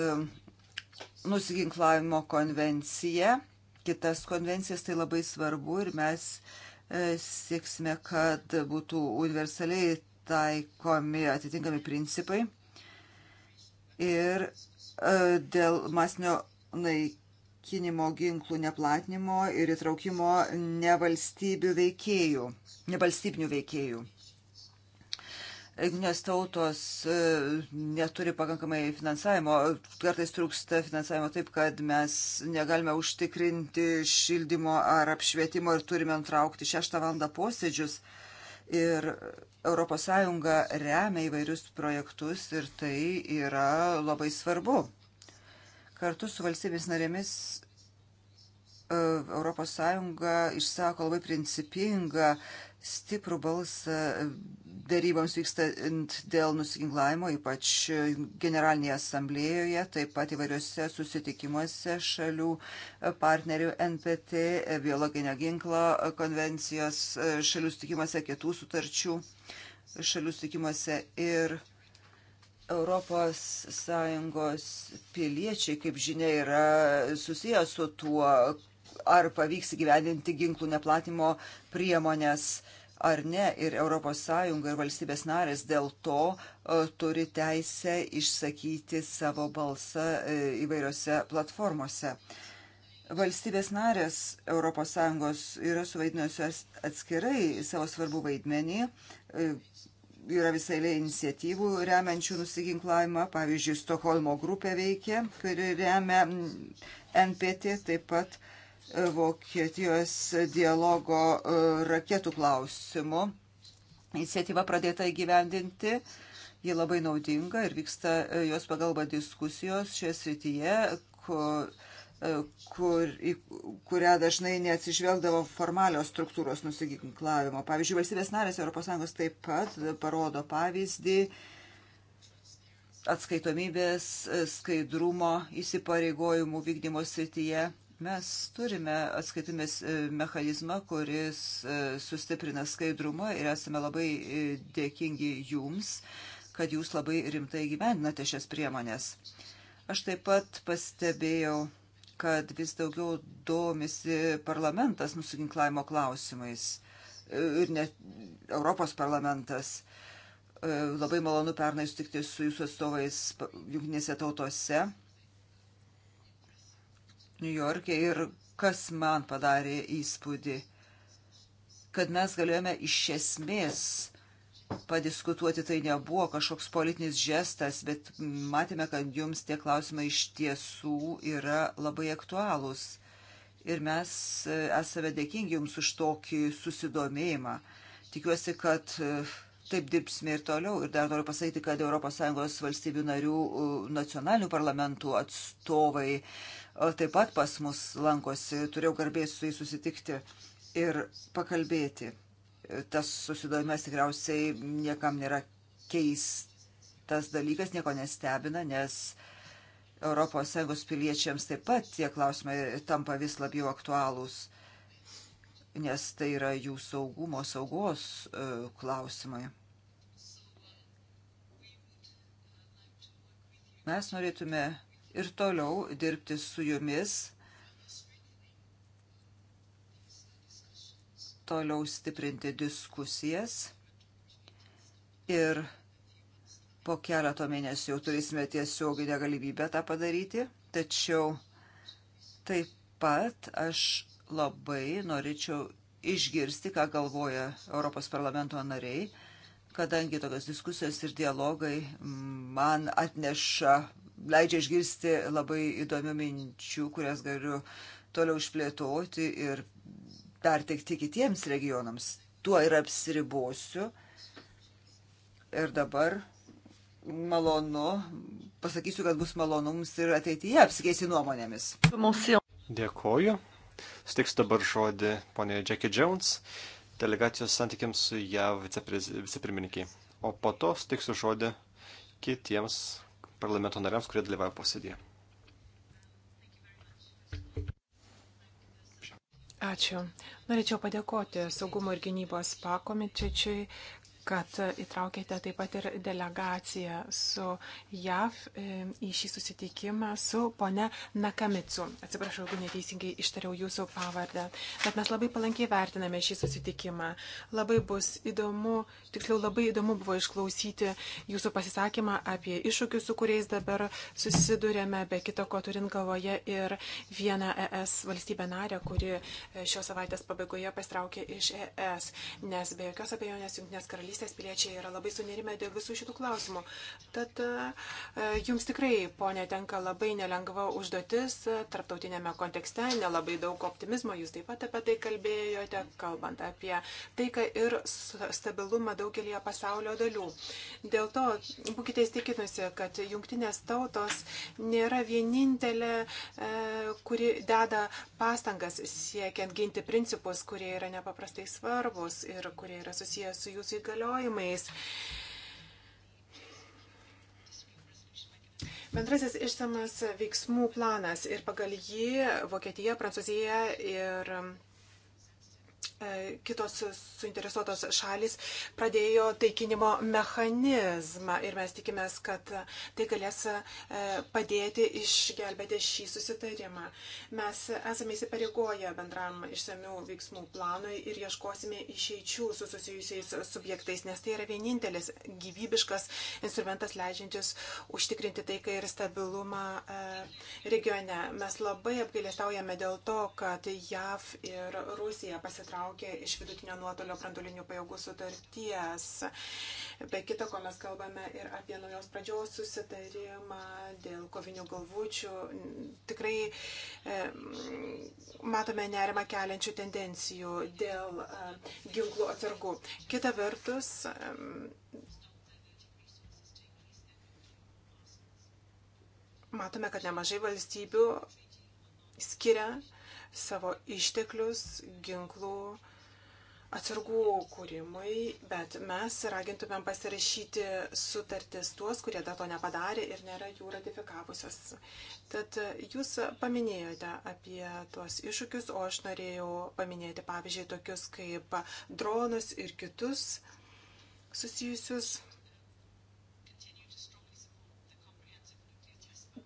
nusiginklavimo konvenciją, kitas konvencijas, tai labai svarbu ir mes e, sieksime, kad būtų universaliai taikomi atitinkami principai. Ir e, dėl masinio naikinimo ginklų neplatinimo ir įtraukimo nevalstybių veikėjų, nevalstybinių veikėjų. Nes tautos e, neturi pakankamai finansavimo, kartais trūksta finansavimo taip, kad mes negalime užtikrinti šildymo ar apšvietimo ir turime nutraukti šeštą valandą posėdžius. Ir ES remia įvairius projektus ir tai yra labai svarbu. Kartu su valstybės narėmis ES išsako labai principingą stiprų balsą daryboms vykstant dėl nusiginklavimo, ypač Generalinėje asamblėjoje, taip pat įvairiuose susitikimuose šalių partnerių NPT, biologinio ginklo konvencijos, šalių sutikimuose, kitų sutarčių šalių sutikimuose ir Europos Sąjungos piliečiai, kaip žinia, yra susijęs su tuo, ar pavyks įgyvendinti ginklų neplatimo priemonės ar ne, ir ES ir valstybės narės dėl to e, turi teisę išsakyti savo balsą e, įvairiose platformose. Valstybės narės ES yra suvaidinusios atskirai savo svarbų vaidmenį, e, yra visai lė iniciatyvų remiančių nusiginklavimą, pavyzdžiui, Stokholmo grupė veikia, kuri remia NPT, taip pat uh, Vokietijos dialogo e, raketų klausimu. Iniciatyva pradėta įgyvendinti, ji labai naudinga ir vyksta e, jos pagalba diskusijos šioje srityje, kur, e, kur, į kurią dažnai neatsižvelgdavo formalios struktūros nusiginklavimo. Pavyzdžiui, valstybės narės ES taip pat parodo pavyzdį atskaitomybės, skaidrumo, įsipareigojimų vykdymo srityje Mes turime atskaitimės e, mechanizmą, kuris e, sustiprina skaidrumą ir esame labai e, dėkingi jums, kad jūs labai rimtai gyvendinate šias priemonės. Aš taip pat pastebėjau, kad vis daugiau domisi parlamentas nusiginklavimo klausimais ir net Europos parlamentas. Labai malonu pernai sutikti su jūsų atstovais jungtinėse tautose New York'e ir kas man padarė įspūdį, kad mes galėjome iš esmės padiskutuoti, tai nebuvo kažkoks politinis žestas, bet matėme, kad jums tie klausimai iš tiesų yra labai aktualūs. Ir mes e, esame dėkingi jums už tokį susidomėjimą. Tikiuosi, kad e, Taip dirbsime ir toliau. Ir dar noriu pasakyti, kad ES valstybių narių nacionalinių parlamentų atstovai taip pat pas mus lankosi. Turėjau garbės su jais susitikti ir pakalbėti. Tas susidomimas tikriausiai niekam nėra keistas dalykas, nieko nestebina, nes ES piliečiams taip pat tie klausimai tampa vis labiau aktualūs nes tai yra jų saugumo saugos e, klausimai. Mes norėtume ir toliau dirbti su jumis, toliau stiprinti diskusijas ir po keleto mėnesių jau turėsime tiesioginę galimybę tą padaryti, tačiau taip pat aš labai norėčiau išgirsti, ką galvoja Europos parlamento nariai, kadangi tokios diskusijos ir dialogai man atneša, leidžia išgirsti labai įdomių minčių, kurias galiu toliau išplėtoti ir perteikti kitiems regionams. Tuo ir apsiribosiu. Ir dabar malonu, pasakysiu, kad bus malonu mums ir ateityje apsikeisti nuomonėmis. Dėkoju. Sutiks dabar žodį ponė Jackie Jones, delegacijos santykiams su JAV vicepirmininkiai. O po to sutiksiu žodį kitiems parlamento nariams, kurie dalyvauja posėdėje. Ačiū. Norėčiau padėkoti Saugumo ir gynybos pakomitečiui, kad įtraukėte taip pat ir delegaciją su JAV e, į šį susitikimą su pone Nakamitsu. Atsiprašau, jeigu neteisingai ištariau jūsų pavardę, bet mes labai palankiai vertiname šį susitikimą. Labai bus įdomu, tiksliau labai įdomu buvo išklausyti jūsų pasisakymą apie iššūkius, su kuriais dabar susidurėme, be kito ko turint galvoje ir vieną ES valstybę narę, kuri e, šios savaitės pabaigoje pasitraukė iš ES, nes be jokios abejonės Junktinės karalystės karalystės piliečiai yra labai sunerimę dėl visų šitų klausimų. Tad e, jums tikrai, ponė, tenka labai nelengva užduotis e, tarptautinėme kontekste, nelabai daug optimizmo, jūs taip pat apie tai kalbėjote, kalbant apie taiką ir stabilumą daugelį pasaulio dalių. Dėl to būkite įstikinusi, kad jungtinės tautos nėra vienintelė, e, kuri deda pastangas siekiant ginti principus, kurie yra nepaprastai svarbus ir kurie yra susijęs su jūsų įgaliojimu įgaliojimais. Bendrasis išsamas veiksmų planas ir pagal jį Vokietija, Prancūzija ir E, kitos suinteresuotos šalis pradėjo taikinimo mechanizmą ir mes tikimės, kad tai galės e, padėti išgelbėti šį susitarimą. Mes esame įsipareigoję bendram išsamių veiksmų planui ir ieškosime išeičių su susijusiais subjektais, nes tai yra vienintelis gyvybiškas instrumentas leidžiantis užtikrinti taiką ir stabilumą e, regione. Mes labai apgailestaujame dėl to, kad JAV ir Rusija pasitraukė pasitraukė iš vidutinio nuotolio brandolinių pajėgų sutarties. Be kita, ko mes kalbame ir apie naujos pradžios susitarimą dėl kovinių galvučių. Tikrai e, matome nerimą keliančių tendencijų dėl e, ginklų atsargų. Kita vertus. E, matome, kad nemažai valstybių skiria savo išteklius, ginklų, atsargų kūrimui, bet mes ragintumėm pasirašyti sutartis tuos, kurie dar to nepadarė ir nėra jų ratifikavusios. Tad jūs paminėjote apie tuos iššūkius, o aš norėjau paminėti pavyzdžiui tokius kaip dronus ir kitus susijusius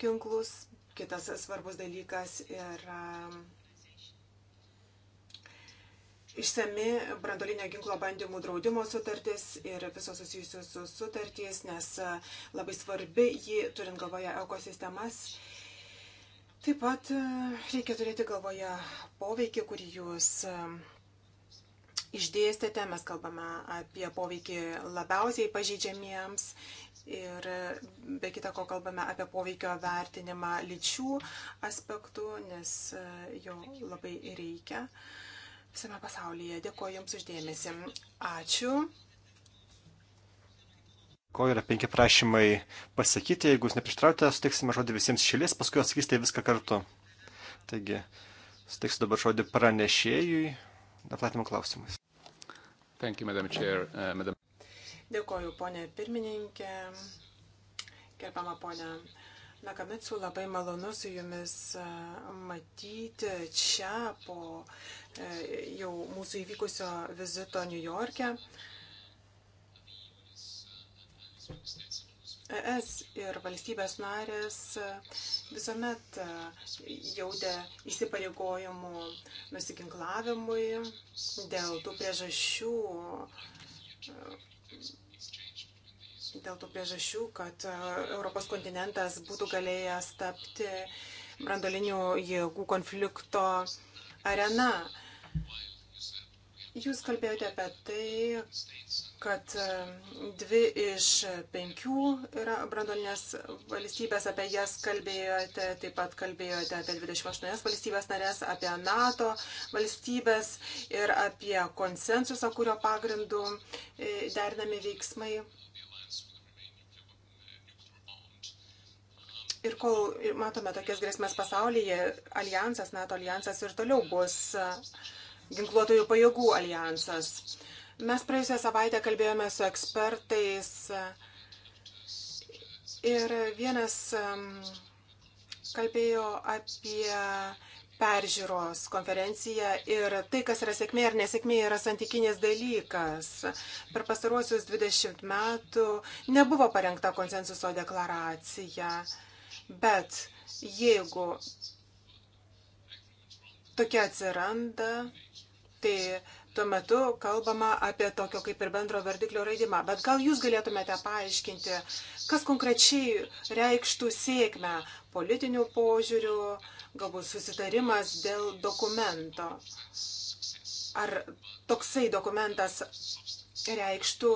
ginklus. Kitas svarbus dalykas yra išsami brandolinio ginklo bandymų draudimo sutartis ir visos susijusios su sutartys, nes e, labai svarbi ji turint galvoje ekosistemas. Taip pat e, reikia turėti galvoje poveikį, kurį jūs e, išdėstėte. Mes kalbame apie poveikį labiausiai pažeidžiamiems Ir be kita ko kalbame apie poveikio vertinimą lyčių aspektų, nes jo labai reikia. Uh, visame pasaulyje. Dėkuoju Jums uždėmesi. Ačiū. Ko yra penki prašymai pasakyti, jeigu jūs neprištraujate, suteiksime žodį visiems šilis, paskui atsakysite viską kartu. Taigi, suteiksiu dabar žodį pranešėjui, aplatimo klausimais. Thank you, Madam Chair. Uh, Madam... Dėkoju, ponė pirmininkė, gerbama ponė Nakamitsu, labai malonu su jumis e, matyti čia po e, jau mūsų įvykusio vizito New York'e. ES ir valstybės narės e, visuomet jautė įsipareigojimų nusiginklavimui dėl tų priežasčių dėl tų priežasčių, kad e, Europos kontinentas būtų galėjęs tapti brandolinių jėgų konflikto arena. Jūs kalbėjote apie tai, kad e, dvi iš penkių yra brandolinės valstybės, apie jas kalbėjote, taip pat kalbėjote apie 28 valstybės narės, apie NATO valstybės ir apie konsensusą, kurio pagrindu e, derinami veiksmai Ir kol matome tokias grėsmės pasaulyje, alijansas, NATO alijansas ir toliau bus ginkluotojų pajėgų alijansas. Mes praėjusią savaitę kalbėjome su ekspertais ir vienas kalbėjo apie peržiūros konferencija ir tai, kas yra sėkmė ar nesėkmė, yra santykinis dalykas. Per pastaruosius 20 metų nebuvo parengta konsensuso deklaracija. Bet jeigu tokia atsiranda, tai tuo metu kalbama apie tokio kaip ir bendro vardiklio raidimą. Bet gal jūs galėtumėte paaiškinti, kas konkrečiai reikštų sėkmę politinių požiūrių, galbūt susitarimas dėl dokumento. Ar toksai dokumentas reikštų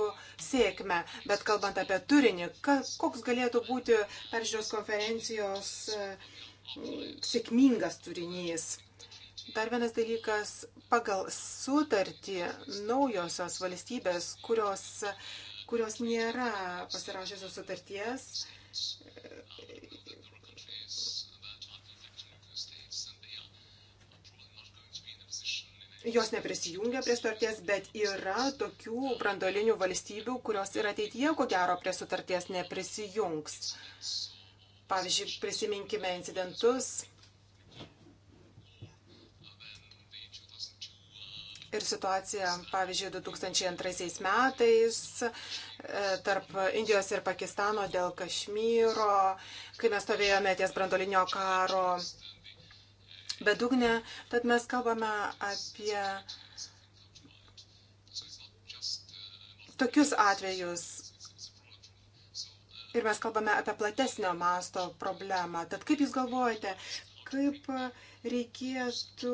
sėkmę. Bet kalbant apie turinį, koks galėtų būti peržiūros konferencijos e, sėkmingas turinys? Dar vienas dalykas, pagal sutartį naujosios valstybės, kurios, kurios nėra pasirašysios sutarties, jos neprisijungia prie sutarties, bet yra tokių brandolinių valstybių, kurios ir ateityje, ko gero, prie sutarties neprisijungs. Pavyzdžiui, prisiminkime incidentus ir situacija, pavyzdžiui, 2002 metais e, tarp Indijos ir Pakistano dėl Kašmyro, kai mes stovėjome ties brandolinio karo bedugnę, bet mes kalbame apie tokius atvejus. Ir mes kalbame apie platesnio masto problemą. Tad kaip Jūs galvojate, kaip reikėtų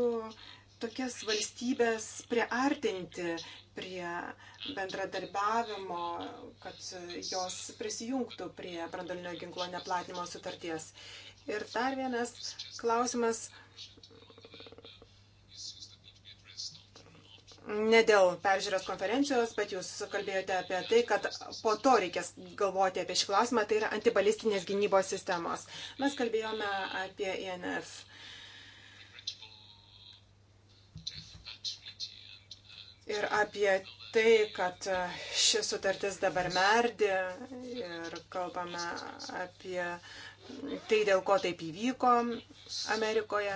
tokias valstybės priartinti prie bendradarbiavimo, kad jos prisijungtų prie brandolinio ginklo neplatinimo sutarties. Ir dar vienas klausimas ne dėl peržiūros konferencijos, bet jūs kalbėjote apie tai, kad po to reikės galvoti apie šį klausimą, tai yra antibalistinės gynybos sistemos. Mes kalbėjome apie INF. E ir apie tai, kad ši sutartis dabar merdi ir kalbame apie uh, tai, dėl ko taip įvyko Amerikoje.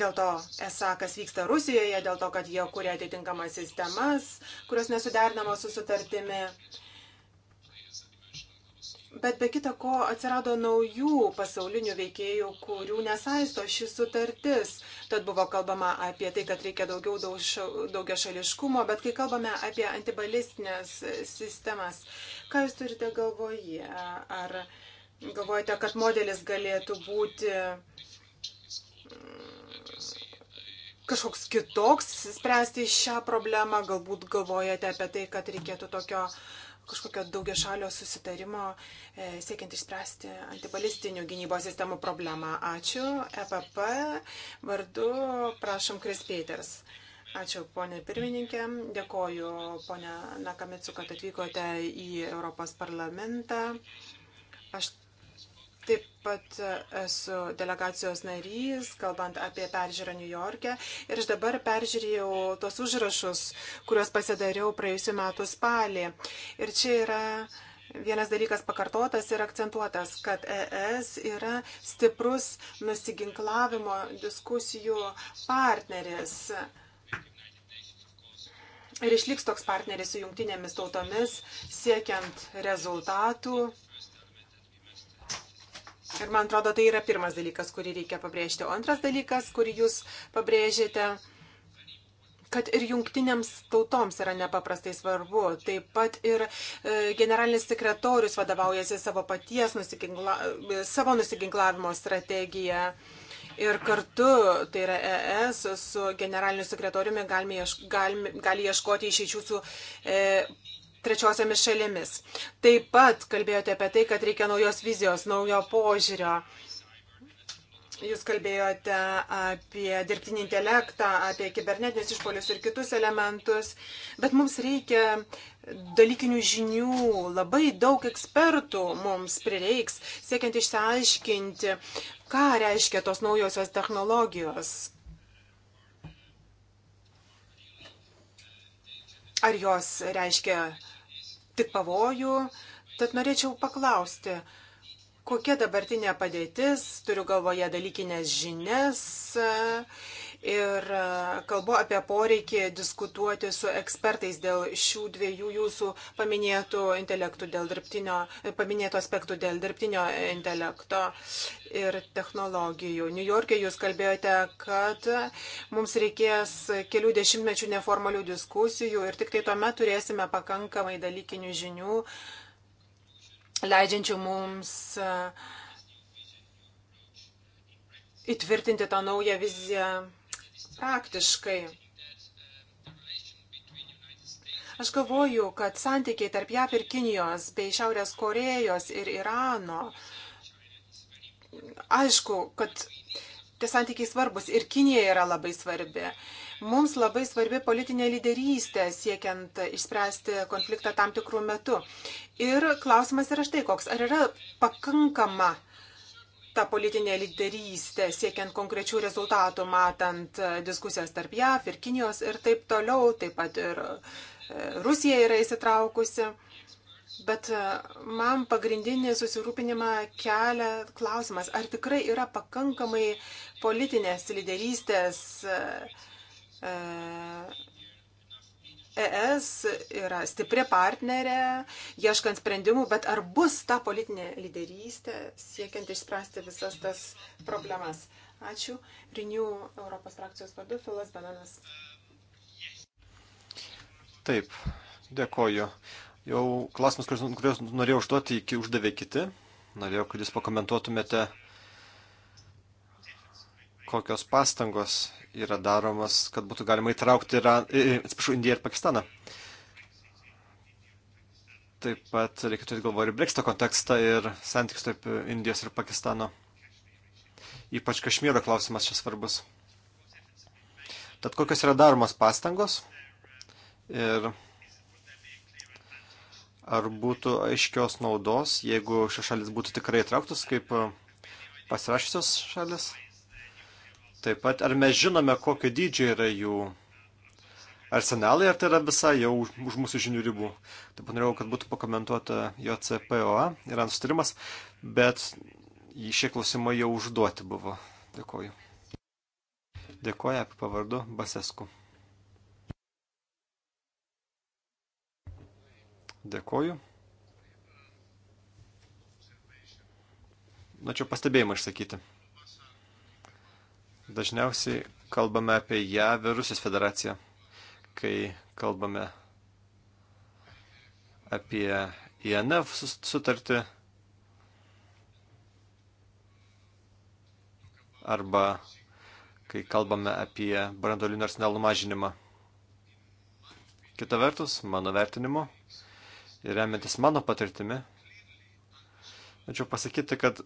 Dėl to, esą, kas vyksta Rusijoje, dėl to, kad jie kuria atitinkamas sistemas, kurios nesuderinamos su sutartimi. Bet be kita ko atsirado naujų pasaulinių veikėjų, kurių nesaisto ši sutartis. Tad buvo kalbama apie tai, kad reikia daugiau daugia šališkumo, bet kai kalbame apie antibalistinės sistemas, ką jūs turite galvoje? Ar galvojate, kad modelis galėtų būti mm, kažkoks kitoks spręsti šią problemą? Galbūt galvojate apie tai, kad reikėtų tokio uh, kažkokio daugiašalio susitarimo e, siekiant išspręsti antipalestinių gynybos sistemų problemą. Ačiū. EPP vardu prašom Kris Peters. Ačiū, ponė pirmininkė. Dėkoju, ponė Nakamitsu, kad atvykote į Europos parlamentą. Aš Taip pat esu delegacijos narys, kalbant apie peržiūrą New York'e. Ir aš dabar peržiūrėjau tos užrašus, kuriuos pasidariau praėjusiu metu spalį. Ir čia yra vienas dalykas pakartotas ir akcentuotas, kad ES yra stiprus nusiginklavimo diskusijų partneris. Ir išliks toks partneris su jungtinėmis tautomis, siekiant rezultatų Ir man atrodo, tai yra pirmas dalykas, kurį reikia pabrėžti. O antras dalykas, kurį jūs pabrėžėte, kad ir jungtinėms tautoms yra nepaprastai svarbu. Taip pat ir e, generalinis sekretorius vadovaujasi savo paties nusiginkla, savo nusiginklavimo strategiją. Ir kartu, tai yra ES, su generaliniu sekretoriumi galime, galime, gali ieškoti išeičių su e, trečiosiamis šalimis. Taip pat kalbėjote apie tai, kad reikia naujos vizijos, naujo požiūrio. Jūs kalbėjote apie dirbtinį intelektą, apie kibernetinius išpolius ir kitus elementus, bet mums reikia dalykinių žinių, labai daug ekspertų mums prireiks, siekiant išsiaiškinti, ką reiškia tos naujosios technologijos, ar jos reiškia tik pavojų. Tad norėčiau paklausti, kokia dabartinė padėtis, turiu galvoje dalykinės žinias ir e, kalbu apie poreikį diskutuoti su ekspertais dėl šių dviejų jūsų paminėtų, dėl dirbtinio, paminėtų aspektų dėl dirbtinio intelekto ir technologijų. New York'e jūs kalbėjote, kad mums reikės kelių dešimtmečių neformalių diskusijų ir tik tai tuomet turėsime pakankamai dalykinių žinių, leidžiančių mums e, įtvirtinti tą naują viziją praktiškai. Aš galvoju, kad santykiai tarp JAP ir Kinijos bei Šiaurės Korejos ir Irano, aišku, kad tie santykiai svarbus ir Kinija yra labai svarbi. Mums labai svarbi politinė lyderystė siekiant išspręsti konfliktą tam tikrų metų. Ir klausimas yra štai koks, ar yra pakankama uh, tą politinę lyderystę, siekiant konkrečių rezultatų, matant e, diskusijas tarp JAF ir Kinijos ir taip toliau, taip pat ir e, Rusija yra įsitraukusi. Bet e, man pagrindinį susirūpinimą kelia klausimas, ar tikrai yra pakankamai politinės lyderystės ES yra stipri partnerė, ieškant sprendimų, bet ar bus ta politinė lyderystė, siekiant išspręsti visas tas problemas? Ačiū. Rinių Europos frakcijos vadu Filas Benanas. Taip, dėkoju. Jau klausimas, kuriuos norėjau užduoti, iki uždavė kiti. Norėjau, kad jūs pakomentuotumėte kokios pastangos yra daromas, kad būtų galima įtraukti Iran, atsiprašau, Indiją ir Pakistaną. Taip pat reikia turėti galvoje ir Brexito kontekstą ir santykius tarp Indijos ir Pakistano. Ypač Kašmyro klausimas čia svarbus. Tad kokios yra daromos pastangos ir ar būtų aiškios naudos, jeigu šios šalis būtų tikrai įtrauktos kaip pasirašysios šalis? Taip pat, ar mes žinome, kokio dydžio yra jų arsenalai, ar tai yra visai jau už mūsų žinių ribų. Taip pat norėjau, kad būtų pakomentuota JCPOA, yra sustarimas, bet į šie klausimai jau užduoti buvo. Dėkoju. Dėkoju apie pavardu Basesku. Dėkoju. Norėčiau pastebėjimą išsakyti. Dažniausiai kalbame apie ją Virusis federaciją, kai kalbame apie INF sutartį arba kai kalbame apie brandolinio arsenalų mažinimą. Kita vertus, mano vertinimu ir remiantis mano patirtimi, tačiau pasakyti, kad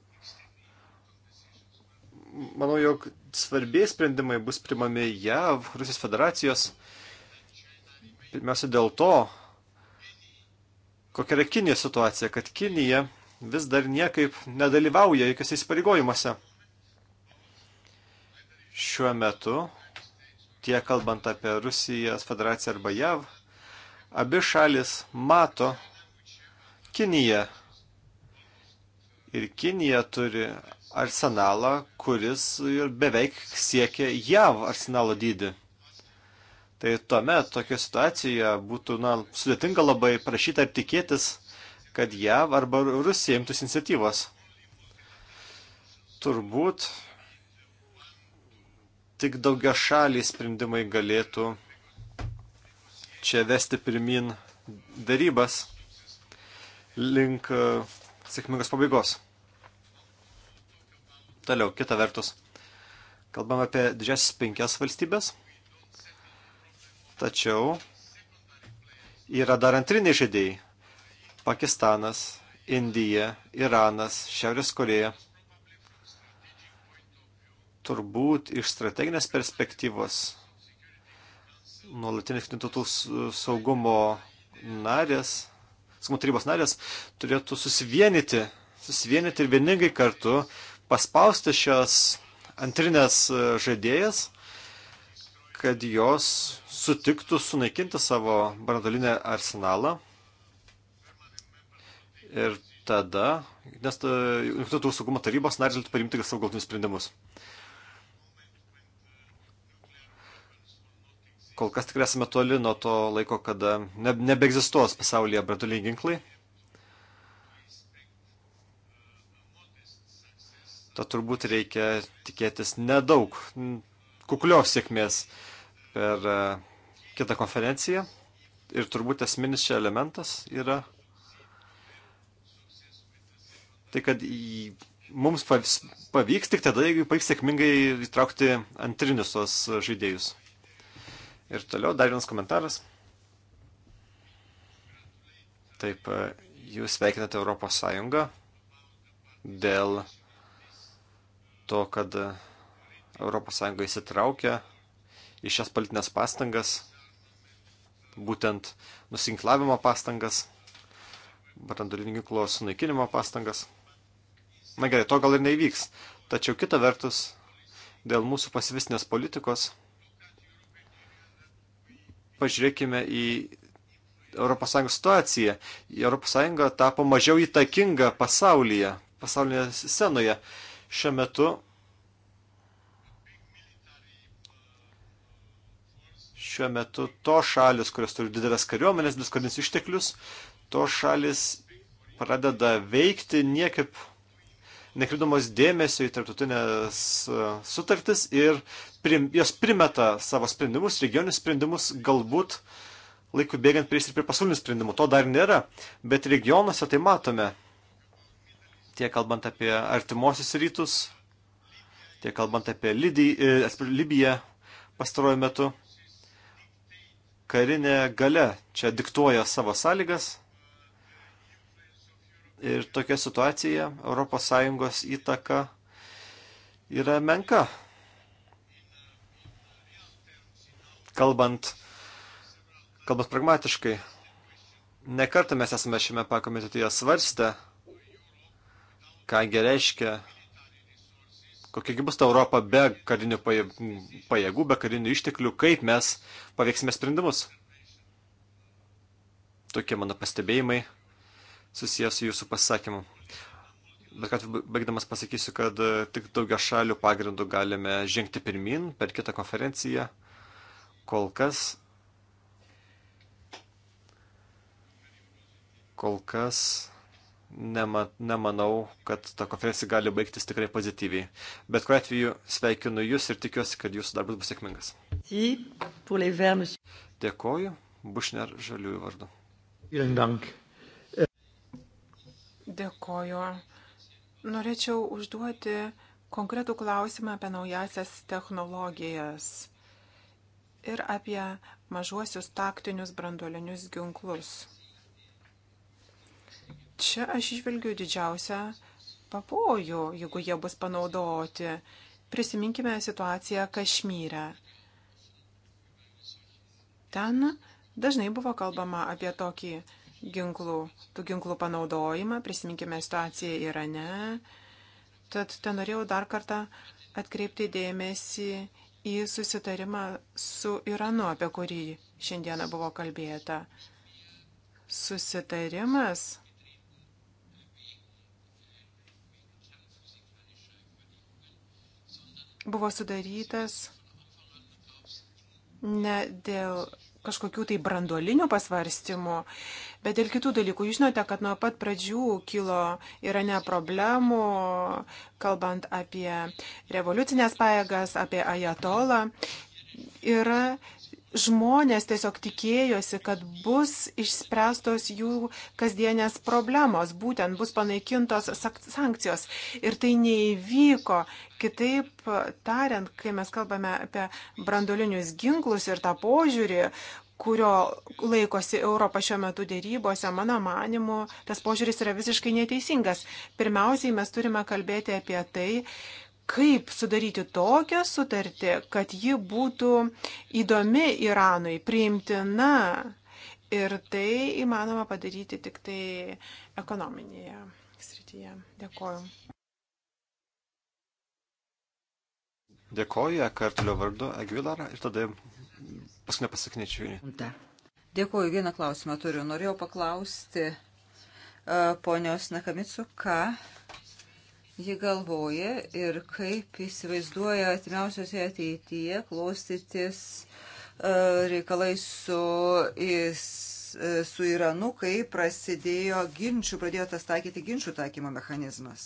manau, jog svarbiai sprendimai bus primami JAV, Rusijos federacijos. Pirmiausia dėl to, kokia yra Kinijos situacija, kad Kinija vis dar niekaip nedalyvauja jokiuose įsipareigojimuose. Šiuo metu, tiek kalbant apie Rusijos federaciją arba JAV, abi šalis mato Kiniją. Ir Kinija turi arsenalą, kuris beveik siekia JAV arsenalo dydį. Tai tuomet tokio situacijoje būtų na, sudėtinga labai prašyti ar tikėtis, kad JAV arba Rusija imtųsi iniciatyvos. Turbūt tik daugia šaliai sprendimai galėtų čia vesti pirmin darybas link e, sėkmingos pabaigos. Toliau, kita vertus, kalbam apie didžiasis penkias valstybės, tačiau yra dar antriniai žaidėjai - Pakistanas, Indija, Iranas, Šiaurės Koreja. Turbūt iš strateginės perspektyvos nuolatinis tautų saugumo narės, saugumo tarybos narės turėtų susivienyti, susivienyti ir vieningai kartu paspausti šias antrinės e, žaidėjas, kad jos sutiktų sunaikinti savo brandolinę arsenalą. Ir tada, nes e, Junktinių tautų saugumo tarybos narys galėtų priimti savo galtinius sprendimus. Kol kas tikrai esame toli nuo to laiko, kada ne, nebeegzistuos pasaulyje branduoliniai ginklai. to turbūt reikia tikėtis nedaug kuklios sėkmės per e, kitą konferenciją. Ir turbūt esminis čia elementas yra tai, kad mums pavyks tik tada, jeigu pavyks sėkmingai įtraukti antrinius tos žaidėjus. Ir toliau dar vienas komentaras. Taip, e, jūs sveikinate Europos Sąjungą dėl to, kad ES įsitraukia į šias politinės pastangas, būtent nusinklavimo pastangas, branduolinio ginklo sunaikinimo pastangas. Na gerai, to gal ir neįvyks. Tačiau kita vertus, dėl mūsų pasivistinės politikos, pažiūrėkime į ES situaciją. ES tapo mažiau įtakinga pasaulyje, pasaulinėje scenoje. Šiuo metu šiuo metu tos šalis, kurios turi didelės kariuomenės, didelis karinius išteklius, tos šalis pradeda veikti niekaip nekreipdamos dėmesio į tarptautinės e, sutartis ir prim, jos primeta savo sprendimus, regioninius sprendimus, galbūt laikų bėgant prieis ir prie pasaulinių sprendimų. To dar nėra, bet regionuose tai matome tiek kalbant apie artimuosius rytus, tiek kalbant apie Lidį, e, Libiją pastaruoju metu. Karinė gale čia diktuoja savo sąlygas ir tokia situacija ES įtaka yra menka. Kalbant, kalbant pragmatiškai, nekartą mes esame šiame pakomitetėje svarstę, kągi reiškia, kokiagi bus ta Europa be karinių pajėgų, be karinių išteklių, kaip mes paveiksime sprendimus. Tokie mano pastebėjimai susijęs su jūsų pasakymu. Bet kad baigdamas pasakysiu, kad e, tik daugia šalių pagrindų galime žengti pirmin per kitą konferenciją. Kol kas. Kol kas nema, nemanau, kad ta konferencija gali baigtis tikrai pozityviai. Bet kuriuo atveju sveikinu Jūs ir tikiuosi, kad Jūsų darbas bus sėkmingas. Dėkoju, Bušner žaliųjų vardu. Dėkoju. Norėčiau užduoti konkretų klausimą apie naujasias technologijas ir apie mažuosius taktinius branduolinius ginklus. Čia aš išvelgiu didžiausią pavojų, jeigu jie bus panaudoti. Prisiminkime situaciją Kašmyre. Ten dažnai buvo kalbama apie tokį ginklų, tų ginklų panaudojimą, prisiminkime situaciją Irane. Tad ten norėjau dar kartą atkreipti dėmesį į susitarimą su Iranu, apie kurį šiandieną buvo kalbėta. Susitarimas buvo sudarytas ne dėl kažkokių tai branduolinių pasvarstymų, bet dėl kitų dalykų. Jūs žinote, kad nuo pat pradžių kilo yra ne problemų, kalbant apie revoliucinės pajėgas, apie ajatolą. Yra žmonės tiesiog tikėjosi, kad bus išspręstos jų kasdienės problemos, būtent bus panaikintos sankcijos. Ir tai neįvyko. Kitaip tariant, kai mes kalbame apie brandolinius ginklus ir tą požiūrį, kurio laikosi Europa šiuo metu dėrybose, mano manimu, tas požiūris yra visiškai neteisingas. Pirmiausiai mes turime kalbėti apie tai, kaip sudaryti tokią sutartį, kad ji būtų įdomi Iranui, priimtina. Ir tai įmanoma padaryti tik tai ekonominėje srityje. Dėkoju. Dėkoju, Kartulio vardu, Aguilar ir tada paskutinę pasakinečiu. Dėkoju, vieną klausimą turiu. Norėjau paklausti e, ponios Nakamitsu, ką ji galvoja ir kaip įsivaizduoja atimiausiose ateityje klostytis e, reikalai su, e, su Iranu, kai prasidėjo ginčių, pradėjo tas taikyti ginčių taikymo mechanizmas.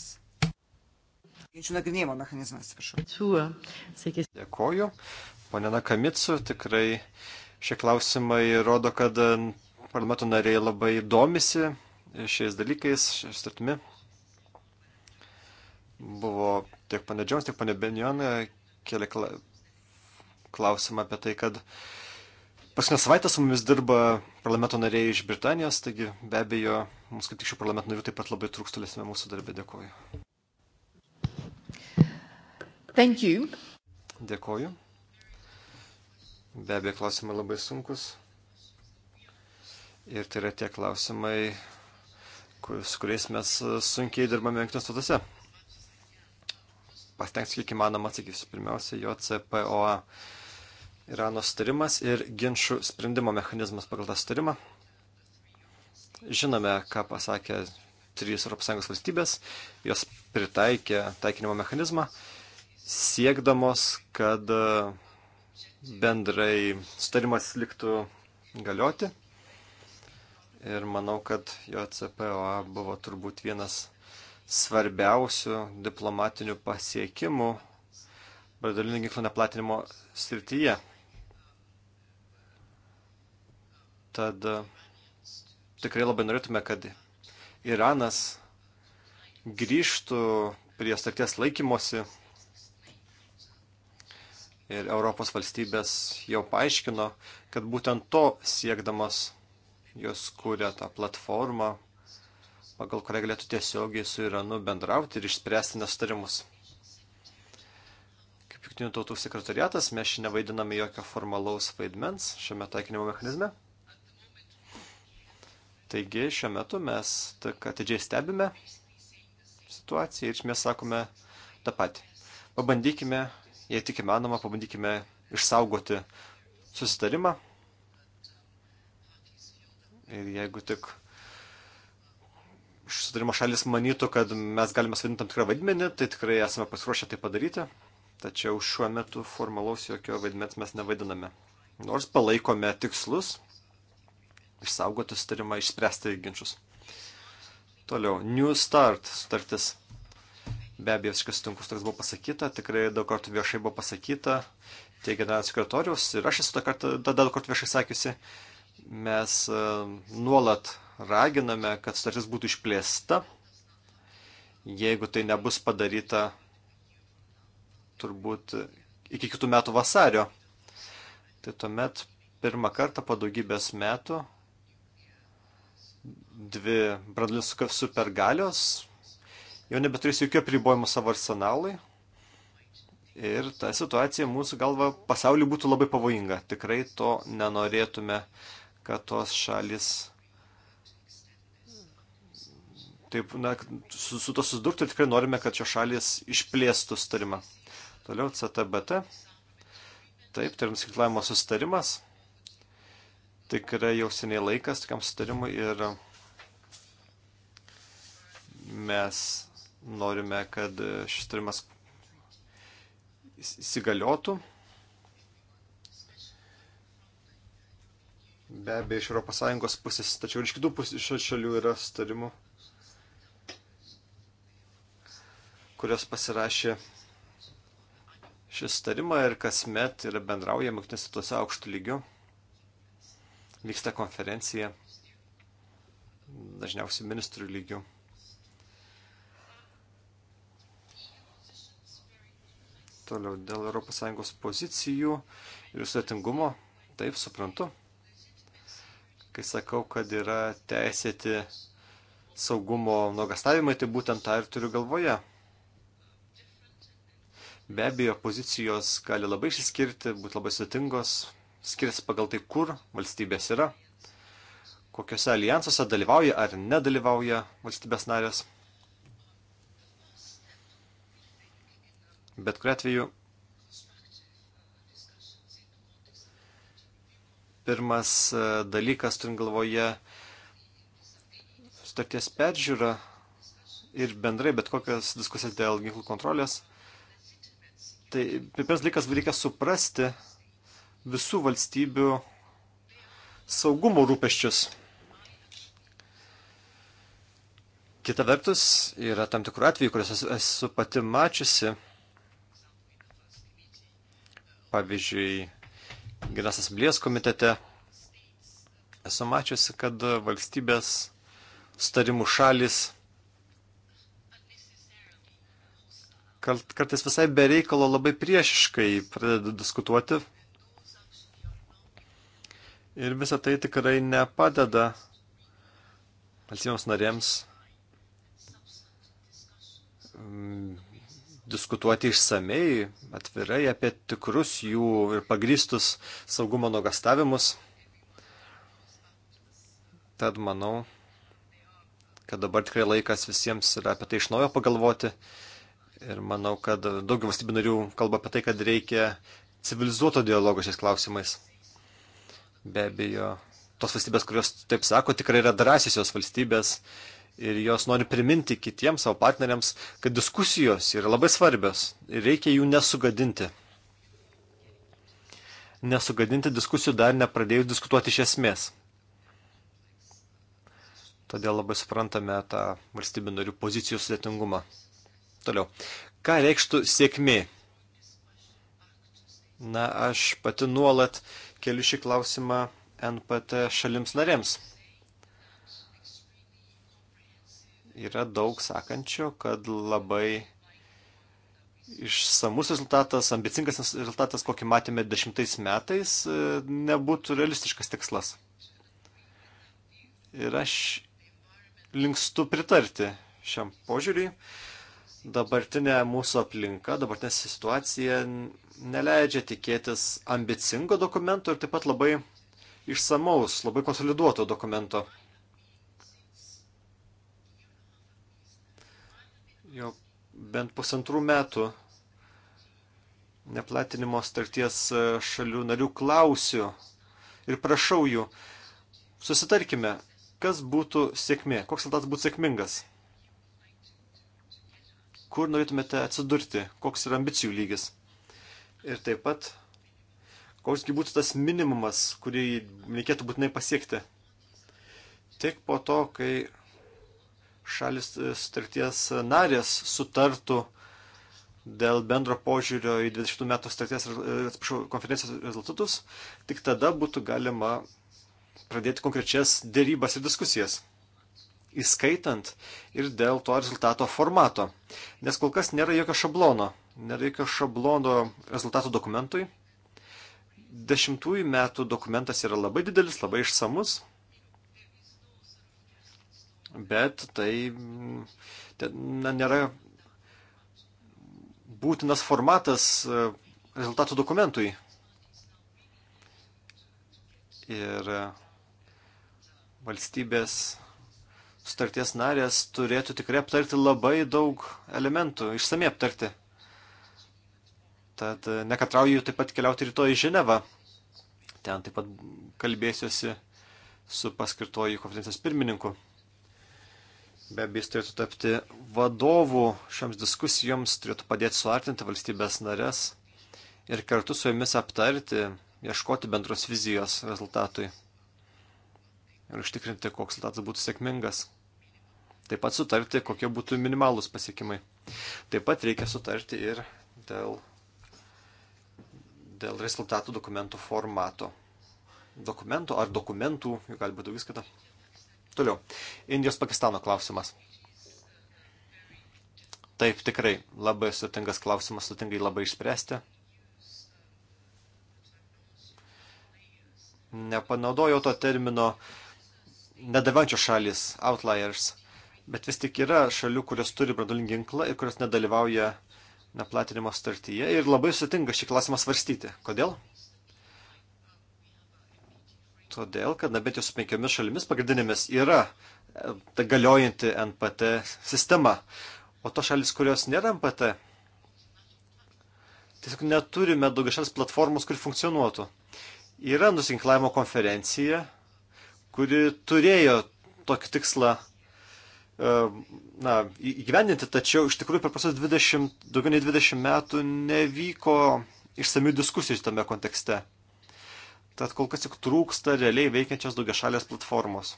Ginčių nagrinėjimo mechanizmas, atsiprašau. Dėkoju. Pane Nakamitsu, tikrai šie klausimai rodo, kad parlamento nariai labai domisi šiais dalykais, šiais statimi buvo tiek pane Džons, tiek pane Benjon keli klausimą apie tai, kad paskutinę savaitę su mumis dirba parlamento nariai iš Britanijos, taigi be abejo, mums kaip tik šių parlamento narių taip pat labai trūkstulėsime mūsų darbę. Dėkuoju. Dėkuoju. Be abejo, klausimai labai sunkus. Ir tai yra tie klausimai, kur, su kuriais mes sunkiai dirbame jungtinės tautose pastengs kiek įmanoma atsakysiu. Pirmiausia, JCPOA Irano sutarimas ir ginčių sprendimo mechanizmas pagal tą sutarimą. Žinome, ką pasakė trys ES valstybės, jos pritaikė taikinimo mechanizmą, siekdamos, kad e, bendrai sutarimas liktų galioti. Ir manau, kad jo CPOA buvo turbūt vienas svarbiausių diplomatinių pasiekimų branduolinio ginklo neplatinimo srityje. Tad e, tikrai labai norėtume, kad Iranas grįžtų prie starties laikymosi ir Europos valstybės jau paaiškino, kad būtent to siekdamas jos kūrė tą platformą pagal kurią galėtų tiesiogiai su Iranu bendrauti ir išspręsti nestarimus. Kaip Junktinių tautų sekretariatas mes šiandien vaidiname jokio formalaus vaidmens šiame taikinimo mechanizme. Taigi šiuo metu mes tik atidžiai stebime situaciją ir mes sakome tą patį. Pabandykime, jei tik įmanoma, pabandykime išsaugoti susitarimą. Ir jeigu tik sutarimo šalis manytų, kad mes galime suvaidinti tam tikrą vaidmenį, tai tikrai esame pasiruošę tai padaryti, tačiau šiuo metu formalaus jokio vaidmens mes nevaidiname. Nors palaikome tikslus išsaugoti sutarimą, išspręsti ginčius. Toliau, New Start sutartis. Be abejo, viskas sunkus toks buvo pasakyta, tikrai daug kartų viešai buvo pasakyta, tiek generalinis sekretorius ir aš esu tą kartą, tada daug kartų viešai sakiusi, mes uh, nuolat raginame, kad sutartis būtų išplėsta. Jeigu tai nebus padaryta turbūt iki kitų metų vasario, tai tuomet pirmą kartą po daugybės metų dvi branduolinės supergalios jau nebeturės jokių apribojimų savo arsenalui. Ir ta situacija mūsų galva pasauliu būtų labai pavojinga. Tikrai to nenorėtume, kad tos šalis taip, na, su, su to susidurti ir tikrai norime, kad šios šalis išplėstų sutarimą. Toliau CTBT. Taip, tai yra nusiklaimo sustarimas. Tikrai jau seniai laikas tokiam sustarimui ir mes norime, kad šis sustarimas įsigaliotų. Be abejo, iš ES pusės, tačiau ir iš kitų pusės šalių yra sustarimų kurios pasirašė šis starimą ir kasmet yra bendraujama jungtinėse tuose aukštų lygių. Vyksta konferencija, dažniausiai ministrų lygių. Toliau dėl ES pozicijų ir sudėtingumo, taip suprantu. Kai sakau, kad yra teisėti saugumo nuogastavimai, tai būtent tą ir turiu galvoje. Be abejo, pozicijos gali labai išsiskirti, būti labai sutingos, skiriasi pagal tai, kur valstybės yra, kokiuose alijansuose dalyvauja ar nedalyvauja valstybės narės. Bet kuriu atveju, pirmas e, dalykas, turint galvoje, sutarties peržiūra ir bendrai bet kokios diskusijos dėl ginklų kontrolės – Tai pirmas dalykas reikia suprasti visų valstybių saugumo rūpeščius. Kita vertus, yra tam tikrų atvejų, kuriuos esu, esu pati mačiusi. Pavyzdžiui, Genas asamblės komitete esu mačiusi, kad valstybės starimų šalis kartais visai bereikalo labai priešiškai pradeda diskutuoti. Ir visa tai tikrai nepadeda valstybėms narėms mm, diskutuoti išsamei, atvirai apie tikrus jų ir pagrįstus saugumo nuogastavimus. Tad manau, kad dabar tikrai laikas visiems yra apie tai iš naujo pagalvoti Ir manau, kad daugiau valstybių narių kalba apie tai, kad reikia civilizuoto dialogo šiais klausimais. Be abejo, tos valstybės, kurios taip sako, tikrai yra drąsiosios valstybės ir jos nori priminti kitiems savo partneriams, kad diskusijos yra labai svarbios ir reikia jų nesugadinti. Nesugadinti diskusijų dar nepradėjus diskutuoti iš esmės. Todėl labai suprantame tą valstybių narių pozicijų sudėtingumą. Toliau. Ką reikštų sėkmė? Na, aš pati nuolat keliu šį klausimą NPT šalims narėms. Yra daug sakančių, kad labai išsamus rezultatas, ambicingas rezultatas, kokį matėme dešimtais metais, e, nebūtų realistiškas tikslas. Ir aš linkstu pritarti šiam požiūriui dabartinė mūsų aplinka, dabartinė situacija neleidžia tikėtis ambicingo dokumento ir taip pat labai išsamaus, labai konsoliduoto dokumento. Jau bent pusantrų metų neplatinimo starties e, šalių narių klausiu ir prašau jų, susitarkime, kas būtų sėkmė, koks rezultatas būtų sėkmingas kur norėtumėte atsidurti, koks yra ambicijų lygis. Ir taip pat, koksgi būtų tas minimumas, kurį reikėtų būtinai pasiekti. Tik po to, kai šalis e, sutarties narės sutartų dėl bendro požiūrio į 20 metų starties, e, atsiprašau, konferencijos rezultatus, tik tada būtų galima pradėti konkrečias dėrybas ir diskusijas įskaitant ir dėl to rezultato formato. Nes kol kas nėra jokio šablono, nėra jokio šablono rezultato dokumentui. Dešimtųjų metų dokumentas yra labai didelis, labai išsamus, bet tai na, nėra būtinas formatas e, rezultatų dokumentui. Ir valstybės sutarties narės turėtų tikrai aptarti labai daug elementų, išsamei aptarti. Tad e, nekatrauju taip pat keliauti rytoj į Ženevą. Ten taip pat kalbėsiuosi su paskirtoju konferencijos pirmininku. Be abejo, jis turėtų tapti vadovu šioms diskusijoms, turėtų padėti suartinti valstybės narės ir kartu su jomis aptarti, ieškoti bendros vizijos rezultatui ir užtikrinti, koks rezultatas būtų sėkmingas. Taip pat sutarti, kokie būtų minimalūs pasiekimai. Taip pat reikia sutarti ir dėl, dėl rezultatų dokumentų formato. Dokumento ar dokumentų, jų gali būti daugiskaita. Toliau. Indijos-Pakistano klausimas. Taip, tikrai labai sutingas klausimas, sutingai labai išspręsti. Nepanaudojau to termino nedavančių šalis, outliers. Bet vis tik yra šalių, kurios turi branduolinį ginklą ir kurios nedalyvauja neplatinimo startyje. Ir labai sutinka šį klausimą svarstyti. Kodėl? Todėl, kad na, bet jau su penkiomis šalimis pagrindinėmis yra ta e, galiojanti NPT sistema. O to šalis, kurios nėra NPT, tiesiog neturime daugiašalės platformos, kuri funkcionuotų. Yra nusinklavimo konferencija, kuri turėjo tokį tikslą na, įgyvendinti, tačiau iš tikrųjų per pasus 20, daugiau nei 20 metų nevyko išsamių diskusijų tame kontekste. Tad kol kas tik trūksta realiai veikiančios daugiašalės platformos.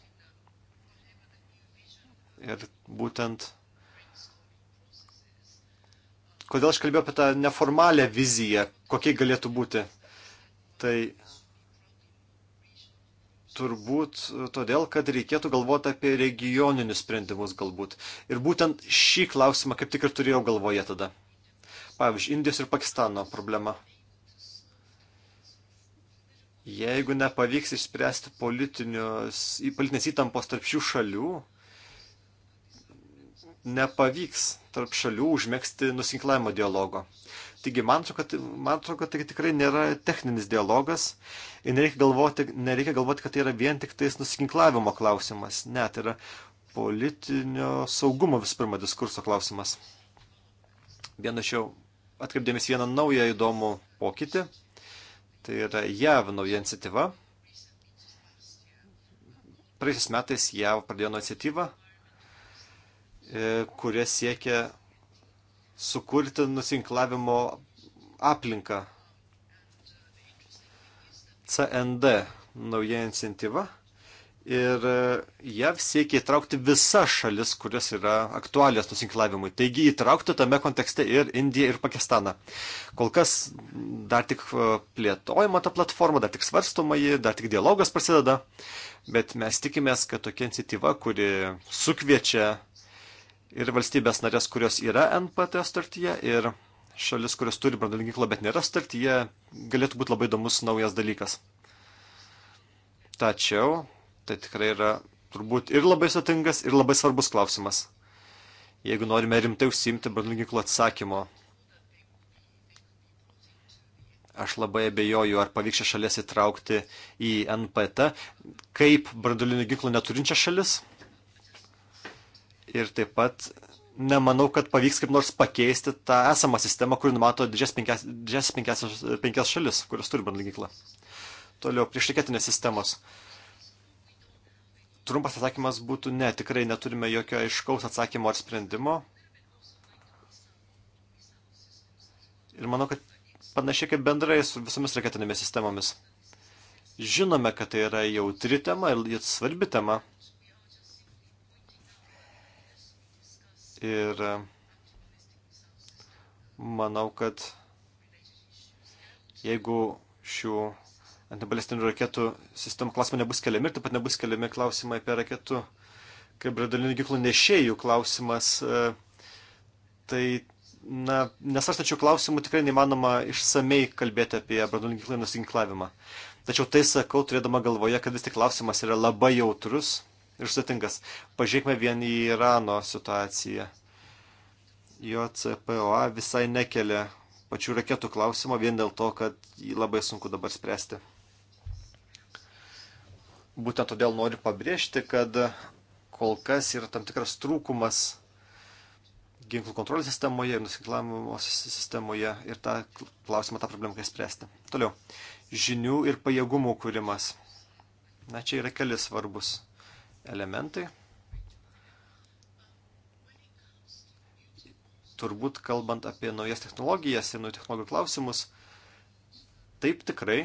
Ir būtent. Kodėl aš kalbėjau apie tą neformalią viziją, kokie galėtų būti. Tai turbūt e, todėl, kad reikėtų galvoti apie regioninius sprendimus galbūt. Ir būtent šį klausimą kaip tik ir turėjau galvoje tada. Pavyzdžiui, Indijos ir Pakistano problema. Jeigu nepavyks išspręsti politinės įtampos tarp šių šalių, nepavyks tarp šalių užmėgsti nusinklavimo dialogo. Taigi, man atrodo, kad, man atrodo, kad tai tikrai nėra techninis dialogas ir nereikia galvoti, nereikia galvoti, kad tai yra vien tik tais nusikinklavimo klausimas. Ne, tai yra politinio saugumo visų pirma diskurso klausimas. Vieną iš jau atkreipdėmės vieną naują įdomų pokytį. Tai yra JAV nauja iniciatyva. Praėjusiais metais JAV pradėjo iniciatyvą, e, kurie siekia sukurti nusinklavimo aplinką. CND nauja iniciatyva. Ir e, JAV siekia įtraukti visas šalis, kurios yra aktualios nusinklavimui. Taigi įtraukti tame kontekste ir Indiją, ir Pakistaną. Kol kas dar tik e, plėtojama ta platforma, dar tik svarstoma ji, dar tik dialogas prasideda. Bet mes tikimės, kad tokia iniciatyva, kuri sukviečia ir valstybės narės, kurios yra NPT startyje ir šalis, kurios turi branduolinį ginklą, bet nėra startyje, galėtų būti labai įdomus naujas dalykas. Tačiau tai tikrai yra turbūt ir labai satingas, ir labai svarbus klausimas. Jeigu norime rimtai užsiimti branduolinio ginklo atsakymo, aš labai abejoju, ar pavyks šią šalies įtraukti į NPT kaip branduolinio ginklo neturinčią šalis. Ir taip pat nemanau, kad pavyks kaip nors pakeisti tą esamą sistemą, kuri numato didžias penkias, didžias penkias, penkias šalis, kurios turi bandlygiklą. Toliau, priešreiketinės sistemos. Trumpas atsakymas būtų ne, tikrai neturime jokio aiškaus atsakymo ar sprendimo. Ir manau, kad panašiai kaip bendrai su visomis raketinėmis sistemomis. Žinome, kad tai yra jautri tema ir svarbi tema. Ir e, manau, kad jeigu šių antipalestinių raketų sistemų klausimai nebus keliami ir taip pat nebus keliami klausimai apie raketų kaip bradalinių ginklų nešėjų klausimas, e, tai na, nesvarstačių klausimų tikrai neįmanoma išsamei kalbėti apie branduolinį ginklą ir nusiginklavimą. Tačiau tai sakau, turėdama galvoje, kad vis tik klausimas yra labai jautrus ir sudėtingas. Pažiūrėkime vien į Irano situaciją. JCPOA visai nekelia pačių raketų klausimo vien dėl to, kad jį labai sunku dabar spręsti. Būtent todėl noriu pabrėžti, kad kol kas yra tam tikras trūkumas ginklų kontrolės sistemoje ir nusiginklavimo sistemoje ir tą klausimą, tą problemą kaip spręsti. Toliau, žinių ir pajėgumų kūrimas. Na, čia yra keli svarbus elementai. Turbūt kalbant apie naujas technologijas ir naujų technologijų klausimus, taip tikrai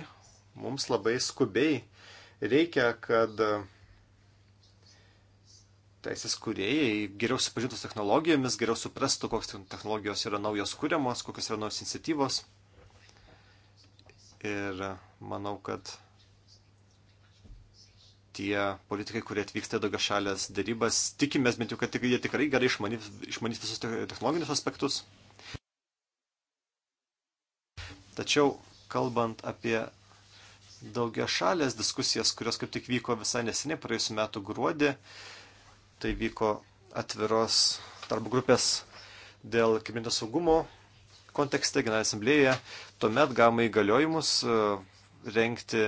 mums labai skubiai reikia, kad teisės kuriejai geriau supažintų su technologijomis, geriau suprastų, kokios technologijos yra naujos kūriamos, kokios yra naujos iniciatyvos. Ir manau, kad tie politikai, kurie atvyksta į daugia šalės darybas, tikimės bent jau, kad jie tikrai gerai išmanys, išmanys visus technologinius aspektus. Tačiau, kalbant apie daugia šalės diskusijas, kurios kaip tik vyko visai neseniai, praėjusiu metu gruodį, tai vyko atviros darbo grupės dėl kiminio saugumo kontekste, generalinėje asamblėje, tuomet gavome įgaliojimus e, rengti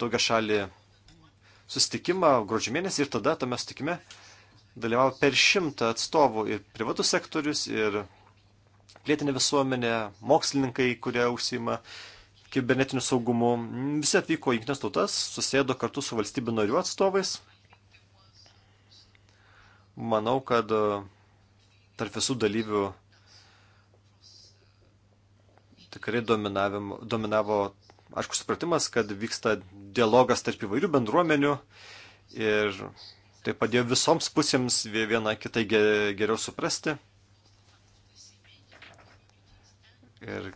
daugia šalį sustikimą gruodžio mėnesį ir tada tame sustikime dalyvavo per šimtą atstovų ir privatus sektorius, ir plėtinė visuomenė, mokslininkai, kurie užsima kibernetiniu saugumu. Visi atvyko į Junktinės tautas, susėdo kartu su valstybių narių atstovais. Manau, kad e, tarp visų dalyvių tikrai dominavo aišku, supratimas, kad vyksta dialogas tarp įvairių bendruomenių ir tai padėjo visoms pusėms vieną kitai geriau suprasti. Ir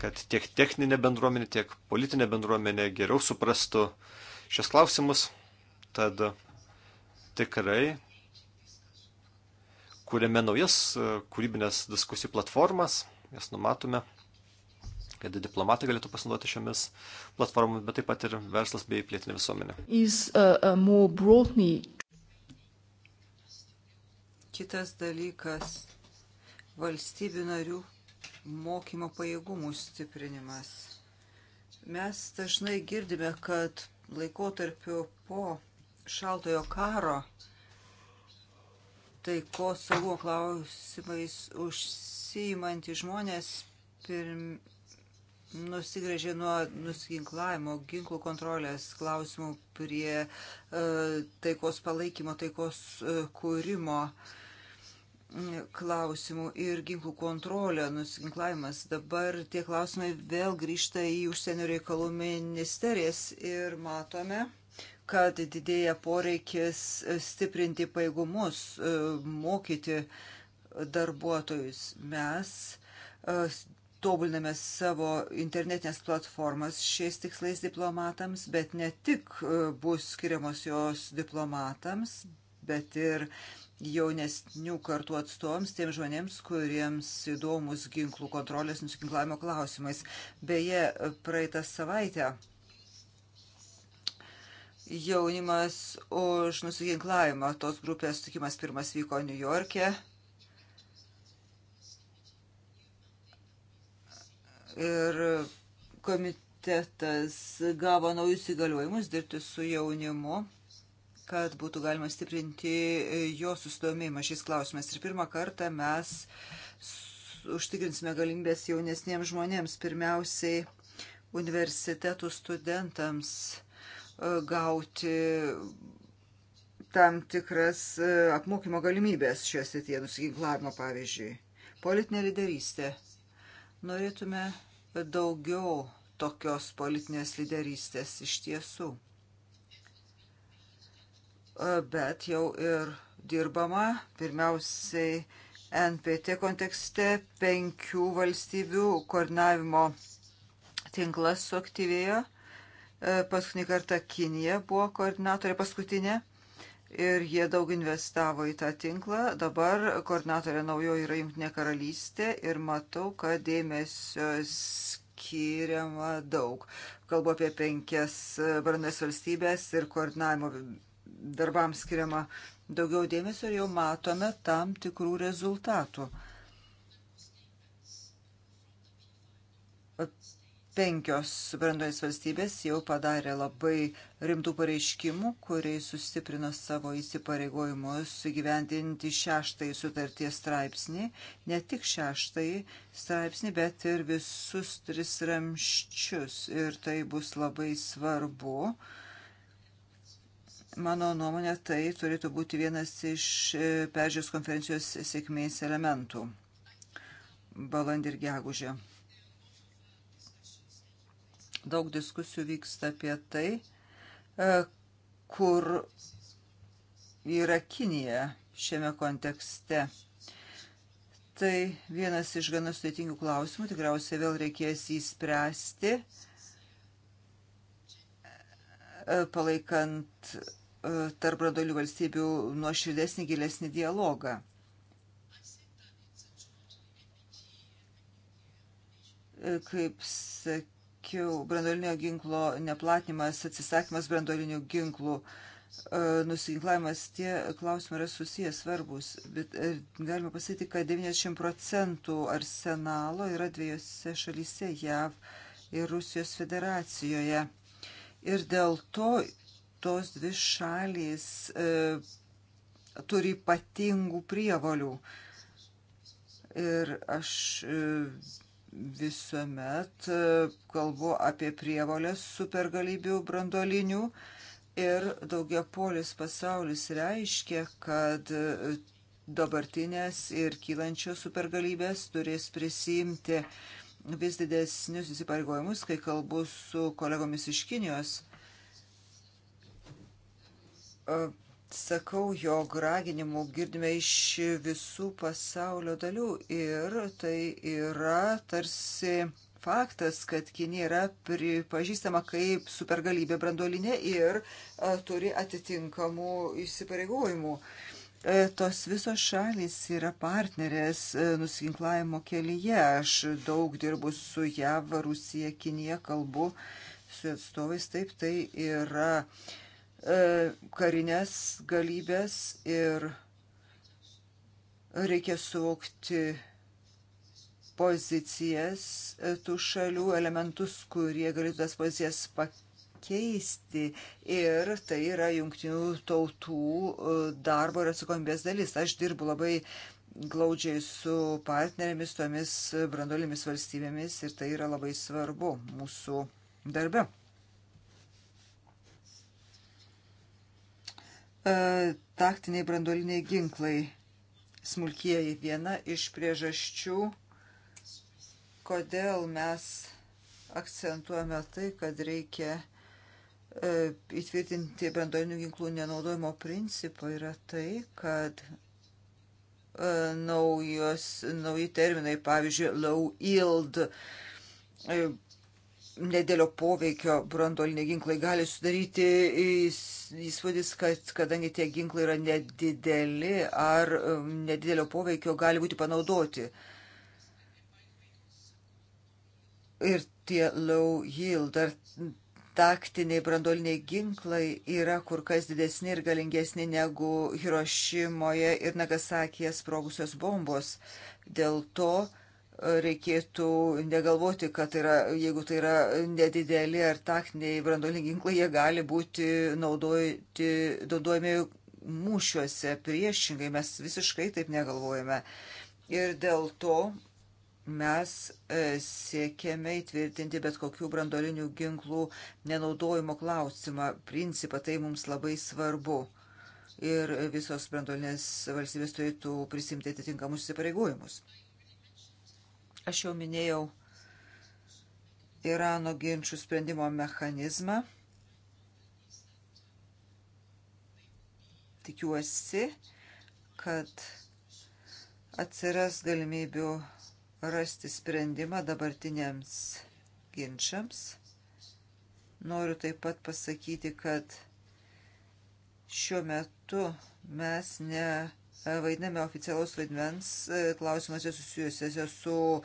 kad tiek techninė bendruomenė, tiek politinė bendruomenė geriau suprastų šios klausimus, tad tikrai kūrėme naujas e, kūrybinės diskusijų platformas, jas numatome kad diplomatai galėtų pasinaudoti šiomis platformomis, bet taip pat ir verslas bei plėtinė visuomenė. Is, uh, uh Kitas dalykas - valstybių narių mokymo pajėgumų stiprinimas. Mes dažnai girdime, kad laikotarpiu po šaltojo karo taikos saugumo klausimais užsiimantys žmonės pirm, nusigrėžė nuo nusiginklavimo, ginklų kontrolės klausimų prie e, taikos palaikymo, taikos e, kūrimo e, klausimų ir ginklų kontrolė, nusiginklavimas. Dabar tie klausimai vėl grįžta į užsienio reikalų ministerijas ir matome, kad didėja poreikis stiprinti paėgumus, mokyti darbuotojus. Mes tobuliname savo internetinės platformas šiais tikslais diplomatams, bet ne tik e, bus skiriamos jos diplomatams, bet ir jaunesnių kartų atstovams, tiems žmonėms, kuriems įdomus ginklų kontrolės nusikinklavimo klausimais. Beje, praeitą savaitę jaunimas už nusikinklavimą tos grupės sutikimas pirmas vyko Niujorke. E Ir komitetas gavo naujus įgaliojimus dirbti su jaunimu, kad būtų galima stiprinti jo susidomėjimą šiais klausimais. Ir pirmą kartą mes užtikrinsime galimybės jaunesniems žmonėms, pirmiausiai universitetų studentams e, gauti tam tikras e, apmokymo galimybės šiuose tie nusiginklavimo, pavyzdžiui. Politinė lyderystė. Norėtume daugiau tokios politinės lyderystės iš tiesų. E, bet jau ir dirbama pirmiausiai NPT kontekste penkių valstybių koordinavimo tinklas suaktyvėjo. E, paskutinį kartą Kinija buvo koordinatorė paskutinė ir jie daug investavo į tą tinklą. Dabar koordinatorė naujoji yra Junktinė karalystė ir matau, kad dėmesio skiriama daug. Kalbu apie penkias brandas valstybės ir koordinavimo darbams skiriama daugiau dėmesio ir jau matome tam tikrų rezultatų. penkios brandojas valstybės jau padarė labai rimtų pareiškimų, kuriais sustiprino savo įsipareigojimus gyvendinti šeštąjį sutarties straipsnį, ne tik šeštąjį straipsnį, bet ir visus tris ramščius. Ir tai bus labai svarbu. Mano nuomonė, tai turėtų būti vienas iš e, peržiūros konferencijos sėkmės elementų. Balandį ir gegužę. Daug diskusijų vyksta apie tai, e, kur yra Kinija šiame kontekste. Tai vienas iš gana sudėtingų klausimų, tikriausiai vėl reikės įspręsti, e, palaikant e, tarp bradolių valstybių nuoširdesnį, gilesnį dialogą. Kaip sakiau, sakiau, brandolinio ginklo neplatinimas, atsisakymas brandolinių ginklų, e, nusiginklavimas, tie klausimai yra susijęs svarbus, bet e, galima pasakyti, kad 90 procentų arsenalo yra dviejose šalyse JAV ir Rusijos federacijoje. Ir dėl to tos dvi šalys e, turi ypatingų prievolių. Ir aš e, visuomet e, kalbu apie prievolės supergalybių brandolinių ir daugiapolis pasaulis reiškia, kad e, dabartinės ir kylančios supergalybės turės prisimti vis didesnius įsipareigojimus, kai kalbu su kolegomis iš Kinijos e, sakau, jog raginimų girdime iš visų pasaulio dalių ir tai yra tarsi faktas, kad Kinė yra pripažįstama kaip supergalybė brandolinė ir a, e, turi atitinkamų įsipareigojimų. E, tos visos šalis yra partnerės e, nusinklavimo kelyje. Aš daug dirbu su JAV, Rusija, Kinija, kalbu su atstovais. Taip, tai yra e, E, karinės galybės ir reikia suvokti pozicijas e, tų šalių, elementus, kurie galėtų tas pozicijas pakeisti. Ir tai yra jungtinių tautų e, darbo ir atsakomybės dalis. Aš dirbu labai glaudžiai su partnerėmis, tomis brandolimis valstybėmis ir tai yra labai svarbu mūsų darbe. E, taktiniai brandoliniai ginklai smulkieji viena iš priežasčių, kodėl mes akcentuojame tai, kad reikia e, įtvirtinti brandolinių ginklų nenaudojimo principą yra tai, kad e, naujos, nauji terminai, pavyzdžiui, low yield nedėlio poveikio branduoliniai ginklai gali sudaryti įspūdis, kad kadangi tie ginklai yra nedideli ar um, nedėlio poveikio gali būti panaudoti. Ir tie low yield ar taktiniai branduoliniai ginklai yra kur kas didesni ir galingesni negu Hirošimoje ir Nagasakėje sprogusios bombos. Dėl to, reikėtų negalvoti, kad yra, jeigu tai yra nedideli ar taktiniai brandoliniai ginklai, jie gali būti naudojami, naudojami mūšiuose. Priešingai mes visiškai taip negalvojame. Ir dėl to mes e, siekiame įtvirtinti bet kokių brandolinių ginklų nenaudojimo klausimą. Principą tai mums labai svarbu. Ir visos brandolinės valstybės turėtų prisimti atitinkamus įsipareigojimus. Aš jau minėjau Irano ginčių sprendimo mechanizmą. Tikiuosi, kad atsiras galimybių rasti sprendimą dabartiniams ginčiams. Noriu taip pat pasakyti, kad šiuo metu mes ne vaidiname oficialaus vaidmens e, klausimuose susijusiuose su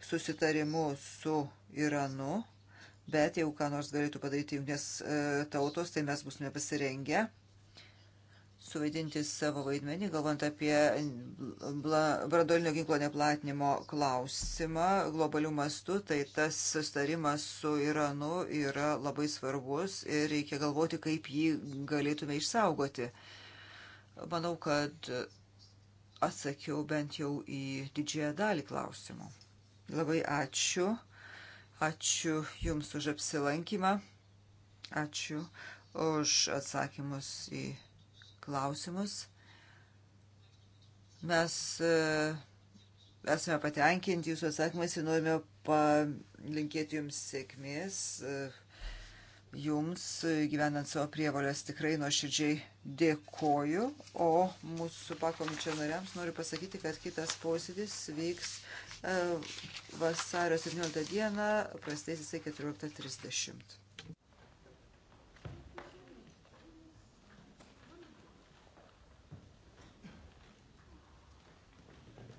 susitarimu su Iranu, bet jeigu ką nors galėtų padaryti jungtinės e, tautos, tai mes būsime pasirengę suvaidinti savo vaidmenį, galvant apie brandolinio ginklo neplatinimo klausimą globalių mastų, tai tas sustarimas su Iranu yra labai svarbus ir reikia galvoti, kaip jį galėtume išsaugoti. Manau, kad atsakiau bent jau į didžiąją dalį klausimų. Labai ačiū. Ačiū Jums už apsilankymą. Ačiū už atsakymus į klausimus. Mes e, esame patenkinti Jūsų atsakymais ir norime palinkėti Jums sėkmės e, jums gyvenant savo prievalės tikrai nuoširdžiai dėkoju, o mūsų pakomičio nariams noriu pasakyti, kad kitas posėdis vyks e, vasario 17 dieną, prasidės jisai 14.30.